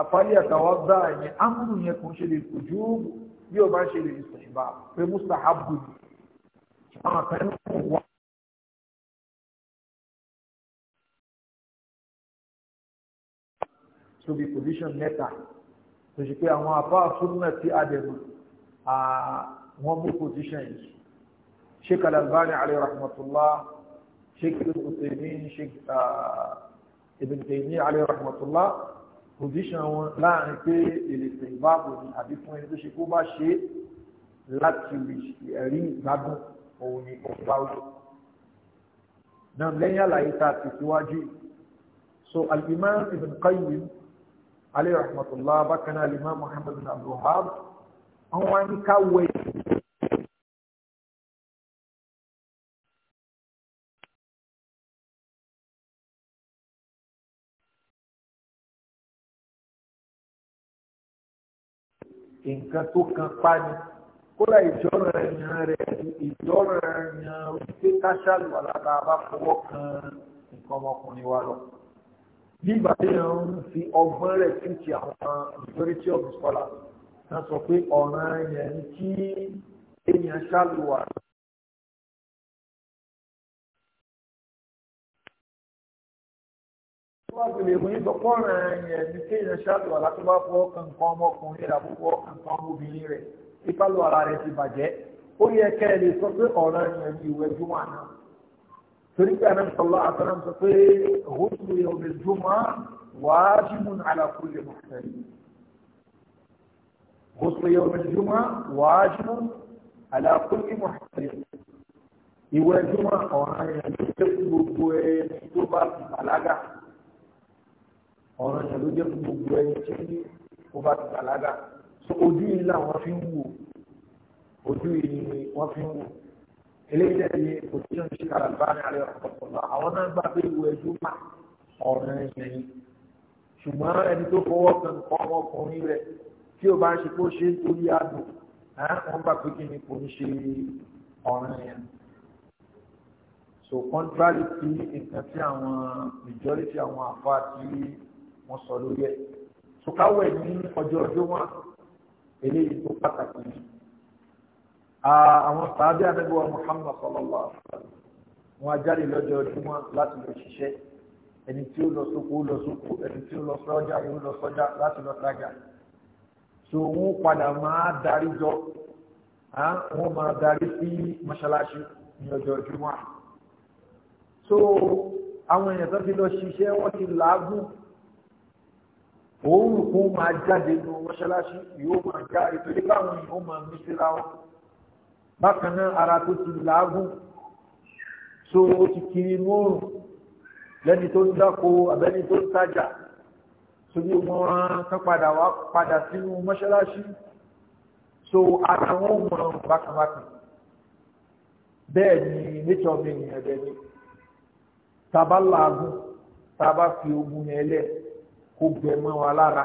[SPEAKER 1] àfáàlì àtàwà bá ẹ̀yẹn ámúrù yẹn kò ṣe lè kojú bí ó bá ṣe lè sọ
[SPEAKER 2] ìbá pé mustahabu ni àwọn kan wà tóbi position mẹ́ta tó ṣe pé àwọn àbá súnmọ́ tí a dẹ̀ mọ́
[SPEAKER 1] wọ́n mú position yìí sheikh al-albani alayhi rahmatullah sheikh ibn utaymin sheikh ibn taymiyyah alayhi rahmatullah position wọn láàrin pé ìrètè ìbáàbò ni àbí fún ẹni tó ṣe kó bá ṣe láti rí ìgbádùn òun ni ọ̀gbá òjò náà lẹ́yìn àlàyé tá a so al-imam ibn qayyim
[SPEAKER 2] عليه رحمة الله بكنا الإمام محمد بن عبد الوهاب هو أن يكوي إن كتو كفان كل إجور رنيار إجور رنيار وكي تشال ولا دابا
[SPEAKER 1] فوق إن كما كوني والو bí ìgbà tí wọ́n ń fi ọgbọ́n
[SPEAKER 2] rẹ̀ sí ti àwọn majority of the scholars náà sọ pé ọ̀ràn yẹn kí èèyàn ṣàlùwà wábìlẹ̀ mú ní sọpọ́rọ̀ ẹ̀yẹ̀ ní kí
[SPEAKER 1] èèyàn ṣáàtò àlá tó bá fọ́ nǹkan ọmọkùnrin rà púpọ̀ nǹkan ọmọbìnrin rẹ̀ ipálò ara rẹ̀ ti bàjẹ́ ó yẹ kẹ́ ẹ lè sọ pé ọ̀rọ̀ ẹ̀yẹ̀ ní ìwẹ̀ júmọ̀ náà torí pé àná sọlá àtàràn sọ pé òhùsù yawmi jumu'a wajibun ala kulli muhtalim òhùsù yawmi jumu'a wajibun ala kulli muhtalim ìwẹ̀ jumu'a ọ̀ràn yẹn ló jẹ́ gbogbo ẹni tó bá ti bàlágà ọ̀ràn yẹn ló jẹ́ gbogbo ẹni tó bá ti bàlágà so ojú yìí làwọn fi ń wò ojú yìí wọ́n fi ń wò eléyìí tẹ̀lé position ṣe Al-Albani alẹ́ ọ̀pọ̀lọpọ̀ àwọn náà gbà pé ìwé ẹjọ́ mà ọ̀ràn ẹ̀yìn ṣùgbọ́n ẹni tó fọwọ́ kan kọ́ ọmọkùnrin rẹ̀ tí ó bá ń ṣe kó ṣe nítorí àdùn wọ́n gbà pé kí ni kò ń ṣe ọ̀ràn ẹ̀yìn. so contrary ti nǹkan tí àwọn majority àwọn àfa tí wọ́n sọ lórí ẹ̀ so káwọ̀ ẹ̀ ní ọjọ́ ọjọ́ wọn eléyìí tó pàtàkì yìí àwọn sàábí anábíwá Muhammad sallallahu alaihi wa sallam wọn ajáde lọ́jọ́ ojúmọ́ láti lọ ṣiṣẹ́ ẹni tí ó lọ sóko ó lọ sóko ẹni tí ó lọ sọ́jà ó lọ sọ́jà láti lọ tajà so wọn padà máa darí jọ wọn máa darí sí mọ́ṣáláṣí ní ọjọ́ ojúmọ́ so àwọn èèyàn tó ti lọ ṣiṣẹ́ wọ́n ti làágùn òórùn kún máa jáde nínú mọ́ṣáláṣí yóò máa já ìtòlípàwọn yìí ó máa mí síra wọn bákan náà ara tó ti làágùn so ó ti kiri mọ́rùn lẹ́ni tó ń dáko àbẹ́ni tó ń tajà torí wọn kan padà wá padà sínú mọ́ṣáláṣí so ara wọn mọ̀ bákanbákan bẹ́ẹ̀ ni nature of being ẹ̀bẹ̀ tàbá làágùn tàbá fi ogun yẹn lẹ̀ kó gbẹ̀mọ́ wa lára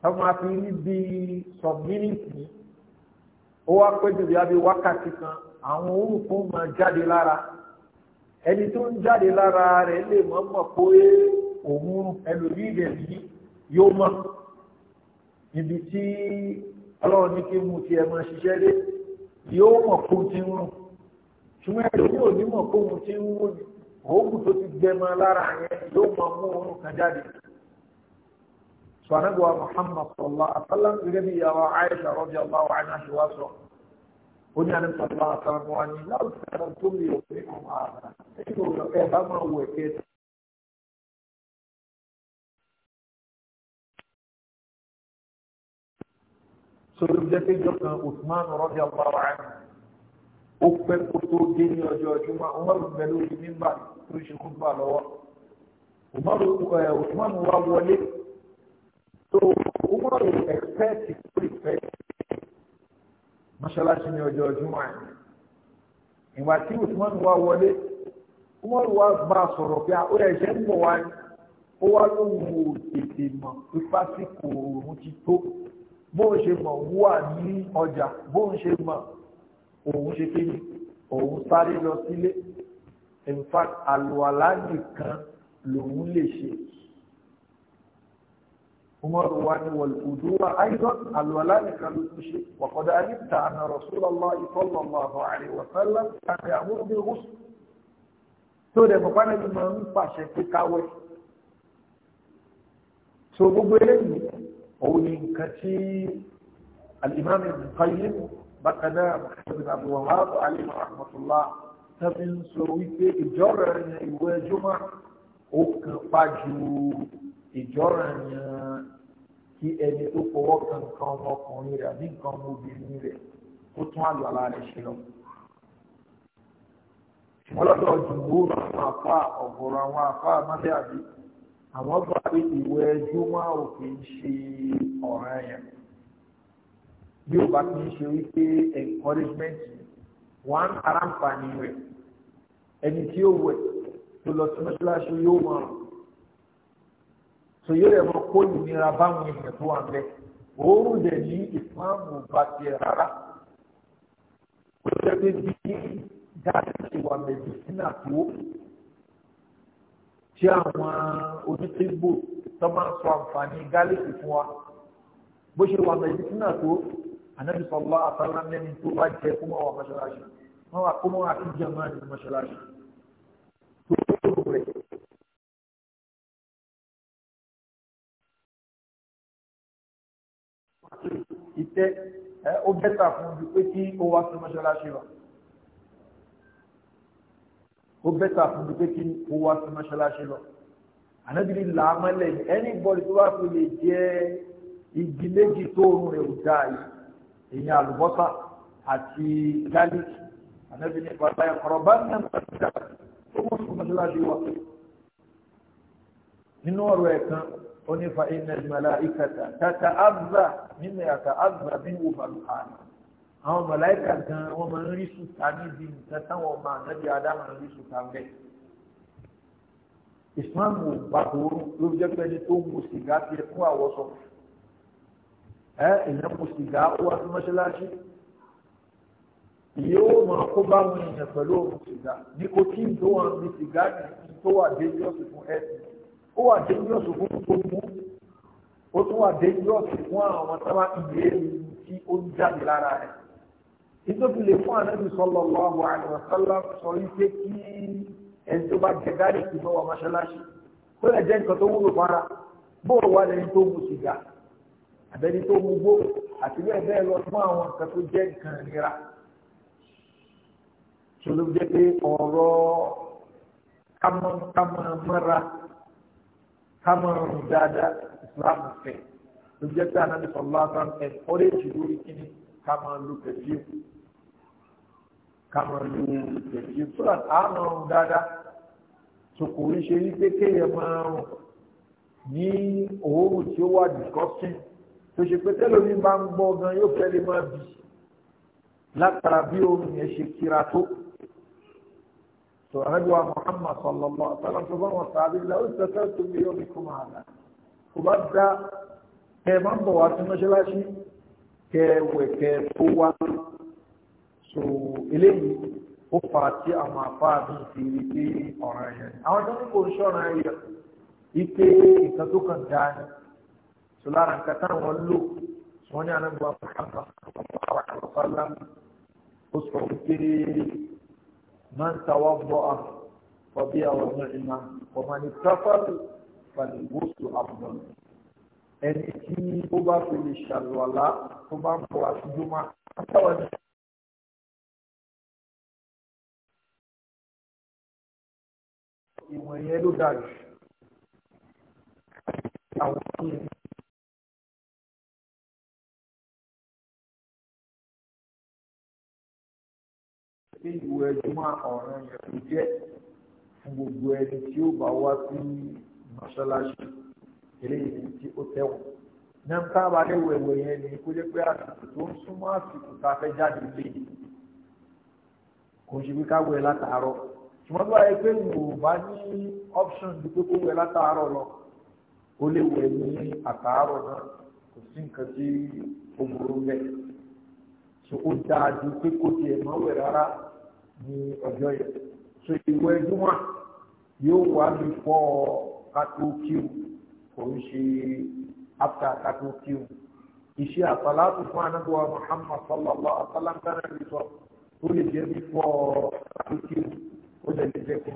[SPEAKER 1] táwọn afi rí bíi some minutes ó wá pẹ́ jù bíi wákàtí kan àwọn orúkún máa jáde lára ẹni tó ń jáde lára rẹ̀ lè mọ̀ mọ̀ pé òun ẹlòmíì rẹ̀ yìí yóò mọ̀ ibi tí ọlọ́run ní kí mú ti ẹ̀ máa ṣiṣẹ́ lé yóò mọ̀ kó ti ń rùn ṣùgbọ́n ẹlòmíì ò ní mọ̀ kó ti ń rùn òògùn tó ti gbẹmọ lára yẹn yóò mọ̀ mú oorun kan jáde sọ̀nàgbà muhammad sallallahu alaihi wa sallam gẹ́gẹ́ bí yàrá aisha radiyallahu anha ṣe wá sọ
[SPEAKER 2] ó ní àdìsọ bá a sọ wọn ni láwùjọ tó lè òfin kan ààrẹ nínú ẹ bá máa wọ ẹkẹ tó. sọ̀rọ̀ usman
[SPEAKER 1] radiyallahu anhu ó pẹ́ kó tó dé ní ọjọ́ ọjọ́mọ́ àwọn olùgbẹ́ lórí mímbà tó ṣe kúgbà lọ́wọ́ eh, usman wá wọlé so umar expect it to expect mọ́ṣáláṣí ní ọjọ́ ọjọ́mọ́ àná ìwà tí usman wá wọlé umar wá bá a sọ̀rọ̀ pé ó yẹ ṣe ń bọ̀ wá ní ó wá lóhùn ò tètè mọ̀ pípa sí kòòrùn ti tó bó ń ṣe mọ̀ wúwà ní ọjà bó ń ṣe mọ̀ òun ṣe kéde òun sáré lọ sílé in fact àlùwàlá nìkan lòun lè ṣe عمر وان والوضوء أيضا الولاء كالمشرك وقد علمت أن رسول الله صلى الله عليه وسلم كان يأمر بالغسل tóde bàbá mi máa ń pàṣẹ pé káwé so gbogbo eléyìí òun ni nǹkan tí alimami Qayyim bákan náà Muhammad Abdul Wahhab alayhi rahmatullah tàbí ń sọ wípé ìjọba ẹni ìwé ẹjọ́ máa ó kàn ìjọ́ranyàn kí ẹni tó fọwọ́ kan nǹkan ọmọkùnrin rẹ̀ àbí nǹkan ọmọbìnrin rẹ̀ kó tún àlùwàlá rẹ̀ ṣe lọ. wọ́n lọ́dọ̀ jùlọ àwọn àfa ọ̀gọ̀rọ̀ àwọn àfa amáṣẹ́ àbí àwọn gbà pé ìwẹ̀ júmọ́ ò kì í ṣe ọ̀ràn yẹn. bí ó bá ti ń ṣe wípé encouragement wọ́n á ń tara ń pa ní rẹ̀ ẹni tí ó wẹ̀ tó lọ sí mọ́ṣáláṣí yóò máa rùn so yóò yẹ kó ìnira báwọn èèyàn tó wà ń bẹ òórùn dẹ̀ ní ìfọ́nmù bá tiẹ̀ rárá ó jẹ́ pé bí dáàbò ti wà mẹ́dísínà tó tí àwọn onítìgbò tó máa ń sọ àǹfààní gálíìkì fún wa bó ṣe wà mẹ́dísínà tó ànábì sọlá àtàlà mẹ́rin
[SPEAKER 2] tó bá jẹ kó máa wà mọ́ṣáláṣí wọ́n wà kó máa wà kí jẹ́ máa ní mọ́ṣáláṣí tó tó rẹ̀. ìtẹ́ ó bẹ́tà fún ojú pé
[SPEAKER 1] kí ó wá sí mọ́ṣáláṣí wa ó bẹ́tà fún ojú pé kí ó wá sí mọ́ṣáláṣí lọ ànábìrì làámọ́lẹ̀ anybody tó bá fi lè jẹ́ igi méjì tó rùn rẹ̀ ò dáa yìí èyàn àlùbọ́sà àti gálíkì ànábìrì ìpàdé ẹ̀kọ́rọ̀ bá ń nà mọ́ṣáláṣí wa nínú ọ̀rọ̀ ẹ̀ kan. قل فإن الملائكة تتأذى مما يتأذى منه فرحان àwọn mọ̀láìkà gan wọ́n máa ń rí sùtà níbi nǹkan táwọn ọmọ ànábì adáhùn ń rí sùtà bẹ́ẹ̀. islam ò gbà kóró ló jẹ́ pé ẹni tó ń mu sìgá ti ẹ̀ fún àwọ̀sọ. ẹ èèyàn mu sìgá ó wá sí mọ́ṣáláṣí. yóò máa kó bá wọn èèyàn pẹ̀lú òun sìgá nikotin tó wà ní sìgá ní tó wà déjọ́sì fún ẹ̀sìn ó wà dangerous fún tó mú ó tún wà dangerous fún àwọn tábà ìyè tí ó ń jáde lára rẹ̀ nítorí lè fún ànábì sallallahu alaihi wasallam sọ wípé kí ẹni tó bá jẹ gáàrí kì bọ́ wà mọ́ṣáláṣí tó lè jẹ́ nǹkan tó wúlò fara bóò wà lẹ́ni tó mu sìgá àbẹ́ni tó mu gbó àti bẹ́ẹ̀ bẹ́ẹ̀ lọ fún àwọn nǹkan tó jẹ́ nǹkan nira ṣòló jẹ́ pé ọ̀rọ̀ kámọ́kámọ́ kámọrùn dáadáa Islam fẹ́ ló jẹ́ pé anábì sọlá sàn ẹ ọrẹjì lórí kíní kámọrùn ló pẹfíù kámọrùn ló pẹfíù sọlá àmọrùn dáadáa sòkò ń ṣe wípé kéèyàn máa rùn ní òórùn tí ó wà disgusting tó ṣe pé tẹlómi gan yóò fẹ́ lè máa bì látara bí oorun yẹn ṣe فهدوى محمد صلى الله عليه وسلم فضل وصحابي لو استثرتم بيومكم هذا وبدأ كمان بواسم مجلاشي كوي كفوة so eléyìí ó fa tí àwọn afáàbí fi rí pé ọ̀ràn yẹn àwọn tó ní kò ń ṣọ́ra yẹn ike nǹkan tó kàn dáa ni so lára nǹkan táwọn lò wọ́n ní anábọ̀ àpàkàpà àwọn àwọn àlọ́sálá ó sọ wípé من توضأ فبيع ونعمة ومن اتفر فالغسل أفضل
[SPEAKER 2] ẹni tí ó bá fi lè ṣàlùwàlá tó bá ń bọ̀ àtijọ́ máa ń tẹ̀wọ̀ ní. ìwọ̀n yẹn ló dájú. àwọn ènìyàn pé ìwẹ̀ ẹjọ́mọ́ ọ̀ràn yẹn ló jẹ́
[SPEAKER 1] fún gbogbo ẹni tí ó bá wá sí mọ́ṣáláṣí eléyìí tí ó tẹ̀wọ̀n náà tá a bá lè wẹ̀wẹ̀ yẹn ni kó jẹ́ pé àsìkò tó ń súnmọ́ àsìkò tá a fẹ́ jáde lé kò ṣe pé ká wẹ̀ látàárọ̀ ṣùgbọ́n tó wáyé pé wò bá ní option ju pé kó wẹ̀ látàárọ̀ lọ ó lè wẹ̀ ní àtàárọ̀ náà kò sí nǹkan tí ó burú bẹ́ẹ̀ so ó pé kó tiẹ̀ mọ́ wẹ̀ rárá ní ọjọ́ yẹn so ìwẹ̀ júmọ̀ yóò wá bí fọ́ kátó kíw kò ń ṣe áfta kátó kíw iṣẹ́ àtàlátù fún anábọ́wá Muhammad sallallahu alaihi wa sallam dáná ní sọ ó lè jẹ́ bí fọ́ kátó kíw ó lè jẹ́ kí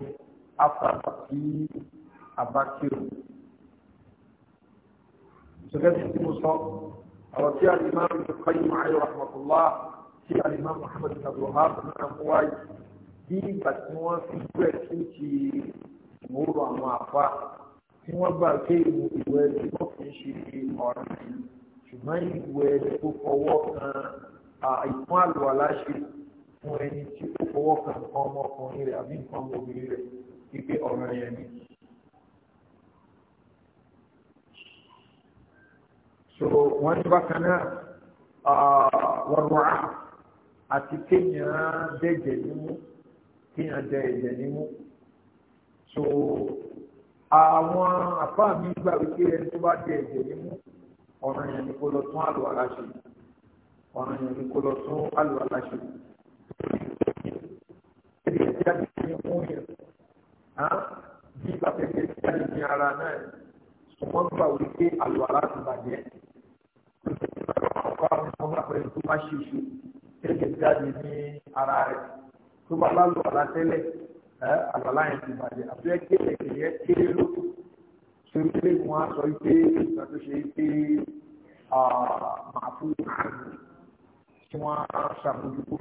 [SPEAKER 1] áfta kí abá kíw sọgẹ́tì tí mo sọ ọ̀rọ̀ tí a lè máa ń lè kọ́ yìí máa yọ rahmatullah tí alimá Muhammad abdulhab náà mú wáyé bí ìgbà tí wọ́n fi gbẹ́ sí ti ìmúrò àwọn àfa tí wọ́n gbà pé ìwé tí wọ́n fi ń ṣe ọ̀ràn yìí ṣùgbọ́n ìwé tó fọwọ́ kan ìfún àlùwàlá ṣe fún ẹni tí ó fọwọ́ kan nǹkan ọmọkùnrin rẹ̀ àbí nǹkan ọmọbìnrin rẹ̀ wípé ọ̀ràn yẹn ni. so wọ́n ní bákan náà wọ́n rọ̀ áhùn àti kéèyàn dẹ̀jẹ̀ nímú kéèyàn dẹ ẹ̀jẹ̀ nímú so àwọn àfáà mi gbà wípé ẹni tó bá dẹ ẹ̀jẹ̀ nímú ọ̀ràn yẹn ni kó lọ tún àlùwàlá ṣe ọ̀ràn yẹn ni kó lọ tún àlùwàlá ṣe ẹ̀jẹ̀ jáde ní fún yẹn bí ìgbàfẹ́fẹ́ jáde ní ara náà ṣùgbọ́n gbà wípé àlùwàlá ti bàjẹ́ ọ̀pọ̀ àwọn ọmọ àpẹẹrẹ tó bá ṣe ṣe ẹ̀jẹ̀ jáde ní ara rẹ̀ tó bá lálù àlátẹ́lẹ̀ àlàlá yẹn ti bàjẹ́ àbúrẹ́ kéèlè ẹ̀yẹ kéré lókù torí pé wọ́n á sọ pé ìgbà tó ṣe pé màá fún àmì tí wọ́n á ṣàmójútó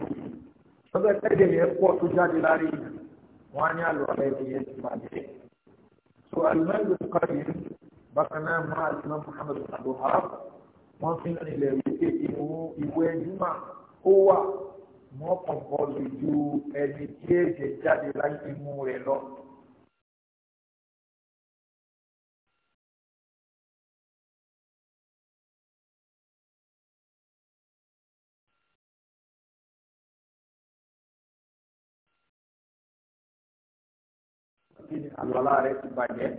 [SPEAKER 1] lọ́bẹ̀ tẹ́jẹ̀ yẹn pọ̀ tó jáde lárí wọ́n á ní àlùfẹ́ ẹ̀yẹ ti bàjẹ́ so alimẹ́lú kọ́ni bákan náà máa alimẹ́ muhammed abdulhaf wọ́n fi ń rìnlẹ̀ wípé ìwé ẹ̀jú ó wà
[SPEAKER 2] mọ́ kọ̀ọ̀kan ju ẹni tí ẹ̀jẹ̀ jáde láti mú rẹ̀ lọ. kíni àlùwàlá rẹ ti bàjẹ́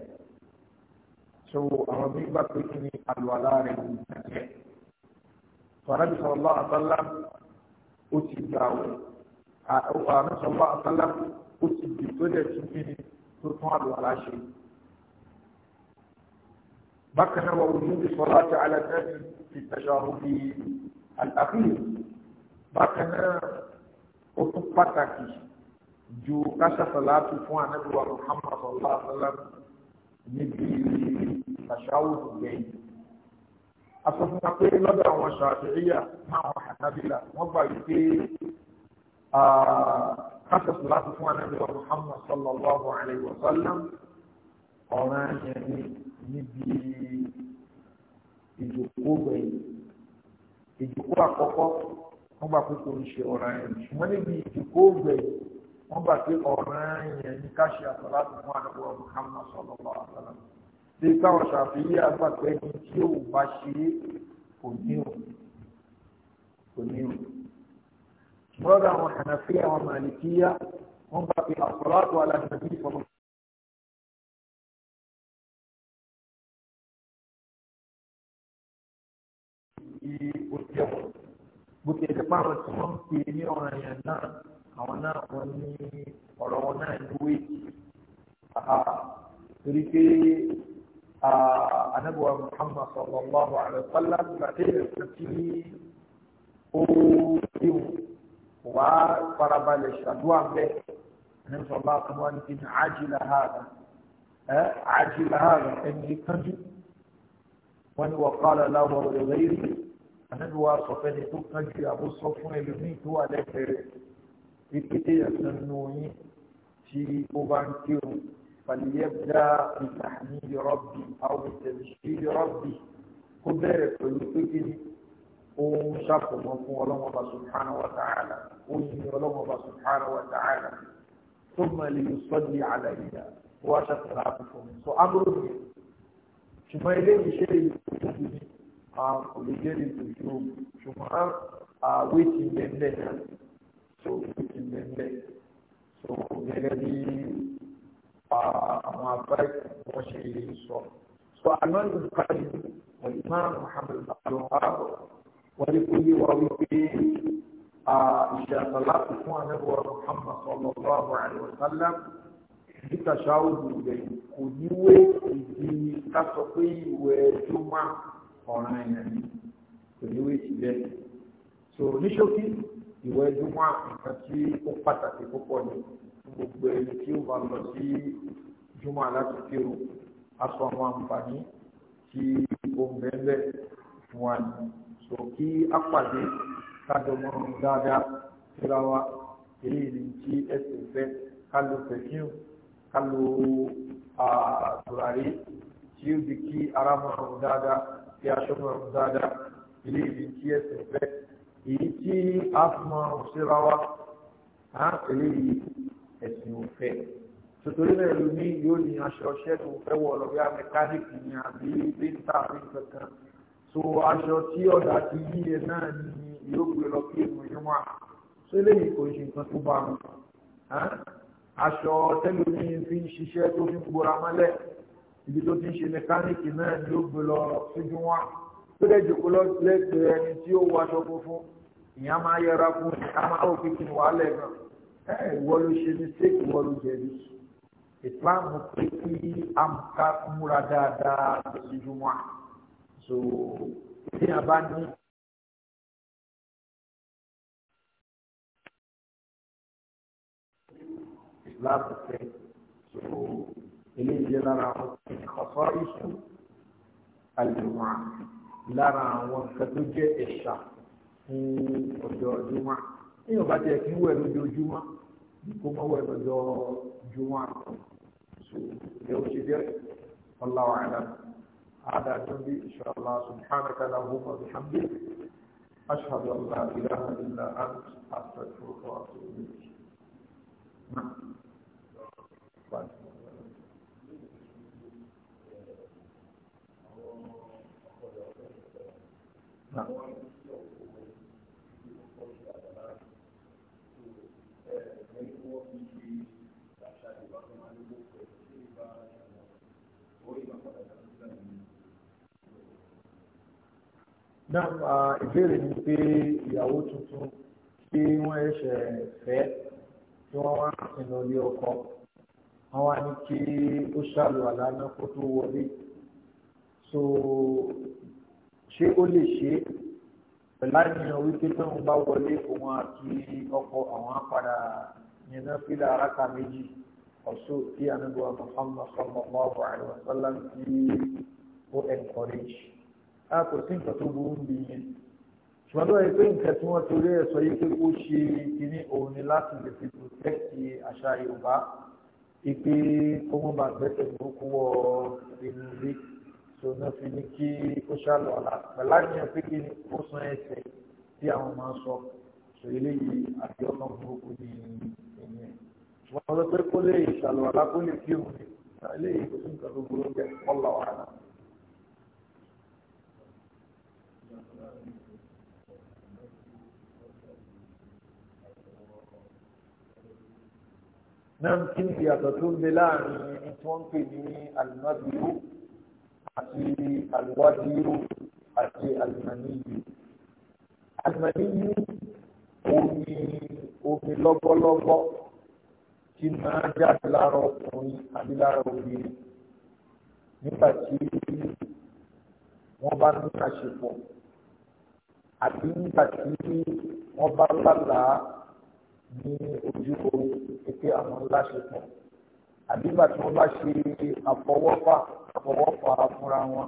[SPEAKER 2] so àwọn bí gbà pé kíni
[SPEAKER 1] àlùwàlá rẹ ti bàjẹ́. Sọ̀rọ̀ bí sọ̀rọ̀ lọ́wọ́ àtọ́lá ó ti gbà wẹ̀ àmọ́sọ̀lá àtàlà ó ti dì tó dẹ̀ tún kí ni tó tún àlùwàlá ṣe. bákan náà wà wùdú bí sọlá ti alẹ́ fi tashahhud al-akhir bákan náà ó tún pàtàkì ju kásásọ̀lá tó fún ànábìwá Muhammad sallallahu alaihi wasallam níbi tashahhud gbẹ̀yìn asọ́fúnwa pé lọ́dọ̀ àwọn ṣàfihíyà máwọn hànábílà wọ́n gbà wípé kásẹ̀sù láti fún anábílà Muhammad sallallahu alayhi wa sallam ọ̀ràn yẹn ní níbi ìjòkó gbẹ̀yìn ìjòkó àkọ́kọ́ wọ́n gbà pé kò ń ṣe ọ̀ràn yẹn ṣùgbọ́n níbi ìjòkó gbẹ̀yìn wọ́n gbà pé ọ̀ràn yẹn ní káṣíà láti fún anábílà Muhammad sallallahu alayhi wa sallam. tí táwọn ṣàfihàn àgbàpẹ́ ni tí ò bá ṣe kò ní o kò ní o.
[SPEAKER 2] bọ́dà àwọn Hanafiya àwọn Malikiya wọ́n bá fi àsọ̀láàtò alàgbàbí ìfọ̀mọ́. bó ti ẹ̀jẹ̀ e pa àwọn tí wọ́n ń pè
[SPEAKER 1] ní ọ̀ràn yẹn náà àwọn náà wọ́n ní ọ̀rọ̀ wọn náà lówó èjì. torí pé anabuwa muhammad sallallahu alaihi wasallam gbàtẹ́ ẹ̀sìn tí ó yíwò wà farabalẹ̀ ṣàdúrà bẹ́ẹ̀ ní sọ̀rọ̀ bá fún wa ní kí ni àjìlá hàdà ẹ̀ àjìlá hàdà ẹni kanjú wọ́n ní wàkàlà láwọn ọ̀rẹ́ rẹ̀ anabuwa sọ̀fẹ́ ni tó kanjú àbó sọ fún ẹlòmíì tó wà lẹ́fẹ̀ẹ́ rẹ̀ ìpètè ẹ̀sìn nù yín tí ó bá ń فليبدأ بتحميد ربي أو بتبشير ربي قدرت ولكن وشرط مفهوم الله سبحانه وتعالى وإن الله سبحانه وتعالى ثم ليصلي عليها وشرط العفو فأمره ثم يلي شيء um, obligated to do Jum'ah ويتي waiting them there. So waiting them there. àwọn àbáyé wọ́n ṣe lè sọ. sọ àná ìbùkárí wọ́n máa Muhammad àlọ́wà wọ́n lè kó yé wa wípé ìṣẹ̀lẹ̀ láti fún àlẹ́wọ̀ Muhammad sallallahu alaihi wasallam níta ṣáàwùdù rẹ̀ kò níwé ìdí ká pé ìwẹ̀ tó máa ọ̀ràn ẹ̀yàn ni kò níwé ìtìlẹ̀. so ní ṣókí ìwẹ̀ tó máa nǹkan tí ó pàtàkì púpọ̀ ni gbogbo ẹni tí ó bá lọ sí júmọ̀ láti kírò aṣọ àwọn àǹfààní tí ó ń bẹ́ẹ̀ fún wa ní so kí á pàdé kájọ mọ́ dáadáa síra wa èyí ni tí ẹsẹ̀ fẹ́ ká lo pẹ̀kíù ká lo àtùràrí tí ó di kí ara mọ́ dáadáa kí aṣọ mọ́ dáadáa èyí ni tí ẹsẹ̀ fẹ́ èyí tí a fi mọ́ síra wa eléyìí ẹ̀sìn òfẹ́ tòtòrí náà ló ní yóò ní aṣọ ọṣẹ́ tó fẹ́ wọ̀ lọ bí a mẹkáníìkì ni àbí pínta àbí kankan so aṣọ tí ọ̀dà ti yí ẹ náà ni yóò gbé lọ kí èèmọ̀ yín wà so eléyìí kò ṣe nǹkan tó bá wọn aṣọ tẹlifí fi ń ṣiṣẹ́ tó fi ń gbóra mọ́lẹ̀ ibi tó ti ń ṣe mẹkáníìkì náà ni ó gbé lọ síjú wà tó dẹ̀ jòkó lọ́sílẹ̀ pé ẹni tí ó wọ aṣọ funfun ìyá ìwọ ló ṣe mistake ìwọ ló jẹ̀bi islam
[SPEAKER 2] pé kí amúká múra dáadáa lójoojúmọ́ so tí a bá ní. islam fẹ́ so eléyìí lára àwọn ọ̀sọ́ iṣu àlùmọ́
[SPEAKER 1] lára àwọn kan tó jẹ́ ẹ̀ṣà fún ọjọ́ ọdún wa. èèyàn bá tiẹ̀ kí ń wẹ̀ lójoojúmọ́ kó mọ́ wẹ̀ lójoojúmọ́ àrùn so ẹ̀ ó ṣe jẹ́ ọláwà ẹ̀dá هذا جنبي إن شاء الله سبحانك اللهم وبحمدك أشهد أن لا إله إلا أنت أستغفرك وأتوب Thank نعم náà ìbéèrè ni pé ìyàwó tuntun tí wọ́n ṣẹ̀ fẹ́ tí wọ́n wá sínú ilé ọkọ wọ́n wá ní kí ó ṣàlùwàlá náà kó tó wọlé so ṣé ó lè ṣe é pẹ̀lú àníyàn wípé tó ń bá wọlé òun àti ọkọ àwọn apàdà nínú fílà aráka méjì ọ̀ṣọ́ tí anábọ̀ Muhammad sallallahu alaihi wasallam tí ó encourage a kò sí nǹkan tó burú bí yẹn
[SPEAKER 2] ṣùgbọ́n tó yẹ pé nǹkan tí wọ́n torí ẹ̀ sọ yìí pé
[SPEAKER 1] ó ṣe kíní òun ni láti lè fi protẹ́kì àṣà Yorùbá ipe ọmọ bá gbẹ́sẹ̀ burúkú wọ inú ilé tó náà fi ní kí ó ṣàlọ́ ọ̀la pẹ̀lá ní ẹ pé kí ó san ẹsẹ̀ tí àwọn máa sọ sọ eléyìí àti ọmọ burúkú ní ìyẹn ṣùgbọ́n lọ́pẹ́ kó lè ṣàlọ́ ọ̀la kó lè kí òun ní eléyìí kò sí nǹkan tó burú jẹ́ ọ̀la náà kí ni ìyàtọ̀ tó ń bẹ láàrin tí wọ́n ń pè ní alimadiru àti aluwadiru àti alimaniyu alimaniyu omi omi lọ́gbọ́lọ́gbọ́ tí máa jáde lára ọkùnrin àbí lára obìnrin nígbà tí wọ́n bá ní àṣepọ̀ àbí nígbà tí wọ́n bá lálàá ní ojú pé àwọn ńlá ṣe pọ̀ àbí ìgbà tí wọ́n bá ṣe àfọwọ́fà àfọwọ́fà fúnra wọn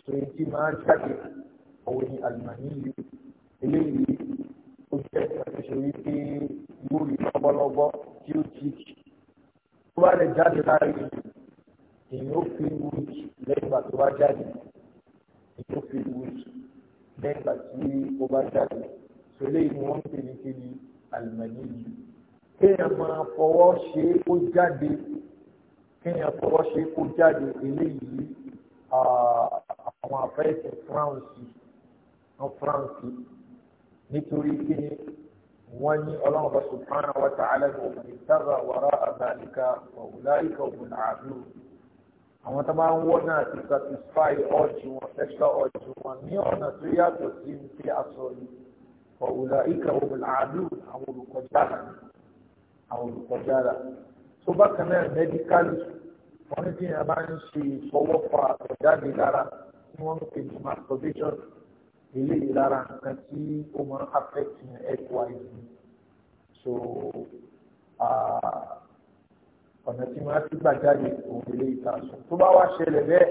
[SPEAKER 1] so èyí tí máa ń jáde òun ni àlùmọ́nì yìí eléyìí ó jẹ́ ìṣòro wípé yóò rí lọ́gbọ́lọ́gbọ́ tí ó ti kì tó bá lè jáde láàrin èyí ó fi wíìkì lẹ́yìn ìgbà tó bá jáde èyí ó fi wíìkì lẹ́yìn ìgbà tí ó bá jáde so eléyìí ni wọ́n ń pè ní kéde yìí àlùmọ̀nì yìí kéèyàn máa fọwọ́ ṣe é kó jáde kéèyàn fọwọ́ ṣe é kó jáde eléyìí àwọn àfẹ́sẹ̀ france wọn france nítorí kí wọ́n ní ọlọ́run bá subhanahu wa ta'ala kò ní sábà wàrà àbálíkà ọ̀wùlá ìkà ògùn àdúró àwọn tó máa ń wọ́n náà ti satisfy ọ̀jù wọn sexual ọ̀jù wọn ní ọ̀nà tó yàtọ̀ sí ti aṣọ yìí. وأولئك هم العادون أو القجارة أو القجارة سبا كمان ميديكال ونتي أمان شي صوفا جادي لارا ممكن ماستوبيشن إلي لارا نتي ومن أفكت من إك واي so ọ̀nà tí wọ́n á ti gbà jáde òun ilé ìtàsùn tó bá wá ṣẹlẹ̀ bẹ́ẹ̀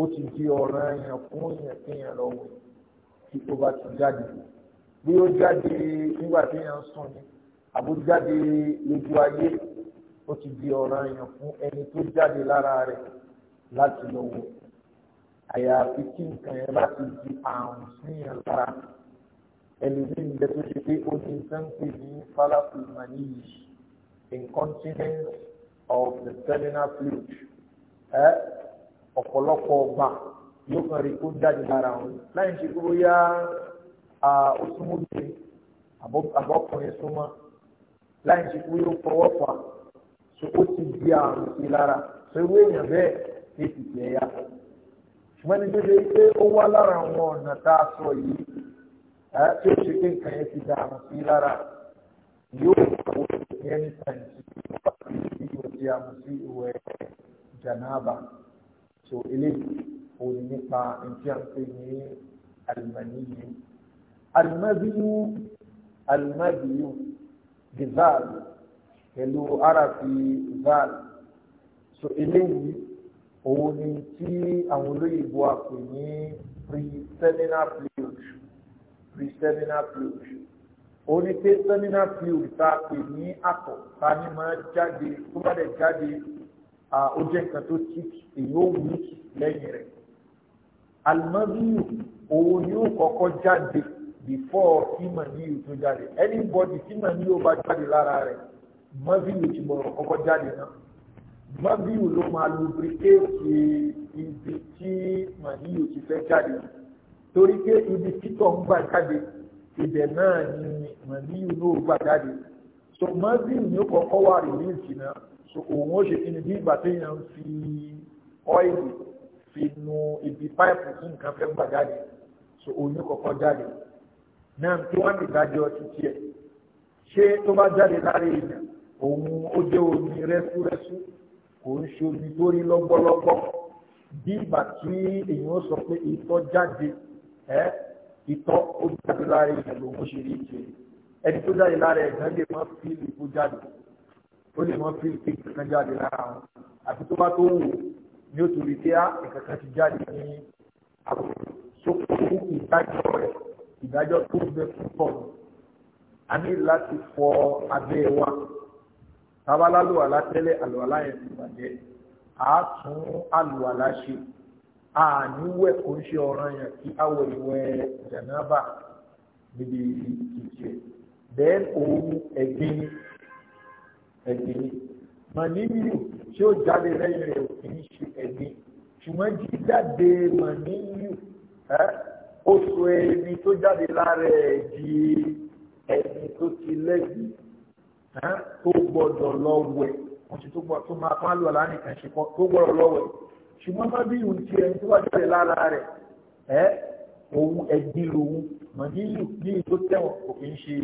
[SPEAKER 1] ó ti di ọ̀ràn èèyàn fún èèyàn kéèyàn lọ́wọ́ tí ó bá ti jáde lọ bí ó jáde nígbà tí èèyàn sùn ni àbójáde lójú ayé ó ti di ọ̀ràn èèyàn fún ẹni tó jáde lára rẹ̀ láti lọ wò àyàfi kí nǹkan yẹn bá ti di àrùn síyàn lára ẹlòmíín bẹ tó ṣe pé ó ní sẹ́ńpì ní falafu maniyi incontinence of the terminal fluid ẹ ọ̀pọ̀lọpọ̀ ọgbà yóò kàn rí kó jáde lára wọn láì ṣe kúrò yá òsúnmọ́bìnrin àbọ̀kùnrin súnmọ́ láì ṣe pé ó fọwọ́ fà so ó ti di àrùn sí lára so irú èèyàn bẹ́ẹ̀ ní ìtìtì ẹ̀yà ṣùgbọ́n ní dédé pé ó wá lára àwọn ọ̀nà tá a sọ yìí tí ó ṣe pé nǹkan yẹn ti da àrùn sí lára yóò kó ẹni tàn sí ìwọ̀n tí a mọ̀ sí ìwẹ̀ jànáàbà so eléyìí òní nípa nǹkan pé ní àlùmọ́nì yìí alimẹ́bíyú alimẹ́bíyú di zaal pẹ̀lú arafi zaal so eléyìí òun ni tí àwọn olóyìnbó a pè ní pre-seminal period pre-seminal period ó ní pé seminal period tá a pè ní àtọ̀ ta ni máa jáde tó bá dẹ̀ jáde ó jẹ́ nǹkan tó tí èyí ó wù lẹ́yìn rẹ̀ alimẹ́bíyú òun ni ó kọ́kọ́ jáde before kí màníyù tó jáde anybody tí màníyù bá jáde lára rẹ̀ mọ́bíyù ti bọ̀rọ̀ kọ́kọ́ jáde náà mọ́bíyù ló máa lubricate ibi tí màníyù ti fẹ́ jáde torí pé ibi títọ̀ ń gbà jáde ibẹ̀ náà ni màníyù náà gbà jáde so mọ́bíyù ni ó kọ́kọ́ wà rìlíìsì náà so òun ó ṣe kí ni bí ìgbà téèyàn fi ọ́ìlì fi nu ibi páìpù tí nǹkan fẹ́ gbà jáde so òun ó kọ́kọ́ jáde náà tí wọ́n lè dájọ́ títí ẹ̀ ṣé tó bá jáde lára èèyàn òun ó jẹ́ omi rẹ́súrẹ́sú kò ń ṣe omi tó rí lọ́gbọ́lọ́gbọ́ bí ìgbà tí èèyàn ó sọ pé ìtọ́ jáde ẹ́ ìtọ́ ó jáde lára èèyàn lòun ṣe rí ìṣe ẹni tó jáde lára ẹ̀gbọ́n lè mọ́ fíìlì kó jáde ó lè mọ́ fíìlì pé kankan jáde lára wọn àti tó bá tó wù ní ó torí pé á ah, ìkankan ti jáde ní àpò sókòó ìdájọ́ rẹ̀ ìdájọ́ tó ń bẹ púpọ̀ a ní láti fọ abẹ́ wa tábàlá lùwàlá tẹ́lẹ̀ àlùwàlá yẹn ti bàjẹ́ a tún àlùwàlá ṣe a níwẹ̀ kò ń ṣe ọ̀ràn yẹn kí awọ ìwẹ̀ jẹ̀nàbà níbi ìjẹ́ bẹ́ẹ̀ òun ẹ̀gbin ẹ̀gbin màníyù tí ó jáde lẹ́yìn rẹ̀ kì ṣe ẹ̀gbin ṣùgbọ́n jíjáde màníyù ẹ́ ó so ẹni tó jáde lára ẹ̀ di ẹni tó ti lẹ́gbìí tó gbọ́dọ̀ lọ wẹ̀ wọ́n ti tó máa fún àlùwàlá nìkan ṣe kọ́ tó gbọ́dọ̀ lọ wẹ̀ ṣùgbọ́n bá bí ìhùn ti ẹni tó bá jáde lára rẹ̀ ẹ́ òun ẹ̀gbin lòun màdílù ní ìtó tẹ̀wọ̀n kò kí ń ṣe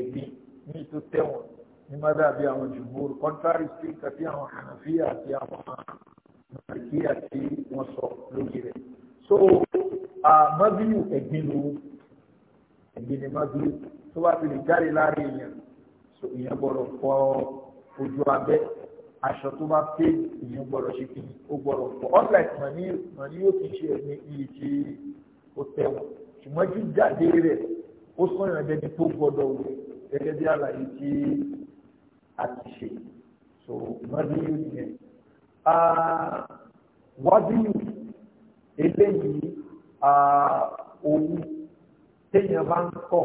[SPEAKER 1] ẹ̀gbin ní ìtó tẹ̀wọ̀n ní mádàbí àwọn jùmọ̀rù contrary sí nǹkan àwọn Hànàfíà àti àwọn màlìkí àti sọ lórí rẹ̀ so mọ́bílù ẹ̀gbin ló ẹ̀gbin ni mọ́bílù tó bá fi lè jáde láàrin èèyàn èèyàn gbọ́dọ̀ fọ ojú abẹ́ aṣọ tó bá pé èèyàn gbọ́dọ̀ ṣe kí ó gbọ́dọ̀ fọ unlike mọ̀ní yóò kì í ṣe ẹ̀mí iye tí ó tẹ̀wọ̀n ṣùgbọ́n jíjáde rẹ̀ ó sọ̀yàn dẹni tó gbọ́dọ̀ wù gẹ́gẹ́ bí àlàyé tí a ti ṣe so mọ́bílù yẹn wábílù eléyìí owó téèyàn bá ń kọ̀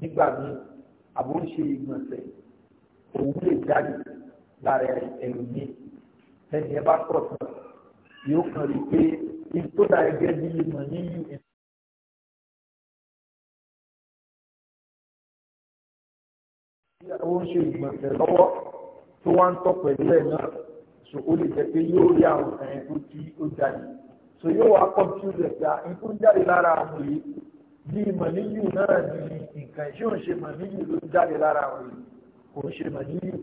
[SPEAKER 1] nígbà míì àbúrò ṣe ìgbọ̀nsẹ̀ òun lè jáde lára ẹlòmíì
[SPEAKER 2] ẹni ẹ bá kọ̀ tán yóò kàn rí pé tó dà gẹ́gẹ́ bí ìmọ̀ yíyí ó ń ṣe ìgbọ̀nsẹ̀ lọ́wọ́ tó wá ń tọ̀ pẹ̀lú ẹ̀ náà so
[SPEAKER 1] ó lè jẹ́ pé yóò rí àwọn ẹ̀yìn tó ti ó jáde so yóò wá kọ́mpútù rẹ̀ pé nǹkan ah, jáde lára àwọn yìí bí màníyù náà ni nǹkan ṣé òun ṣe màníyù ló jáde lára àwọn yìí kò ń ṣe màníyù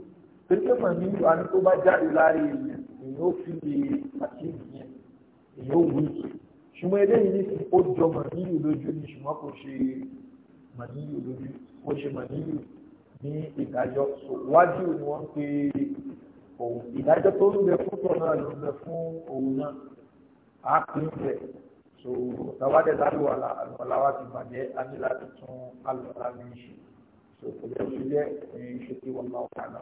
[SPEAKER 1] pé pé màníyù àní tó bá jáde lára èèyàn èèyàn ó fi lè àti ìyẹn èèyàn ó wí ṣùgbọ́n eléyìí ní ó jọ màníyù lójú ni ṣùgbọ́n kò ṣe màníyù lójú kò ṣe màníyù ní ìdájọ́ wájú ni wọ́n pe òun ìdájọ́ tó ń bẹ fún tọ́ náà ló ń bẹ fún òun náà á pín bẹ̀ so tàwádẹ́ lálù àlùwàlá wa ti bàjẹ́ á ní láti tún àlùwàlá mi ṣe so kò lè fi lẹ́ ẹ̀yìn ṣe kí wọ́n máa wà náà.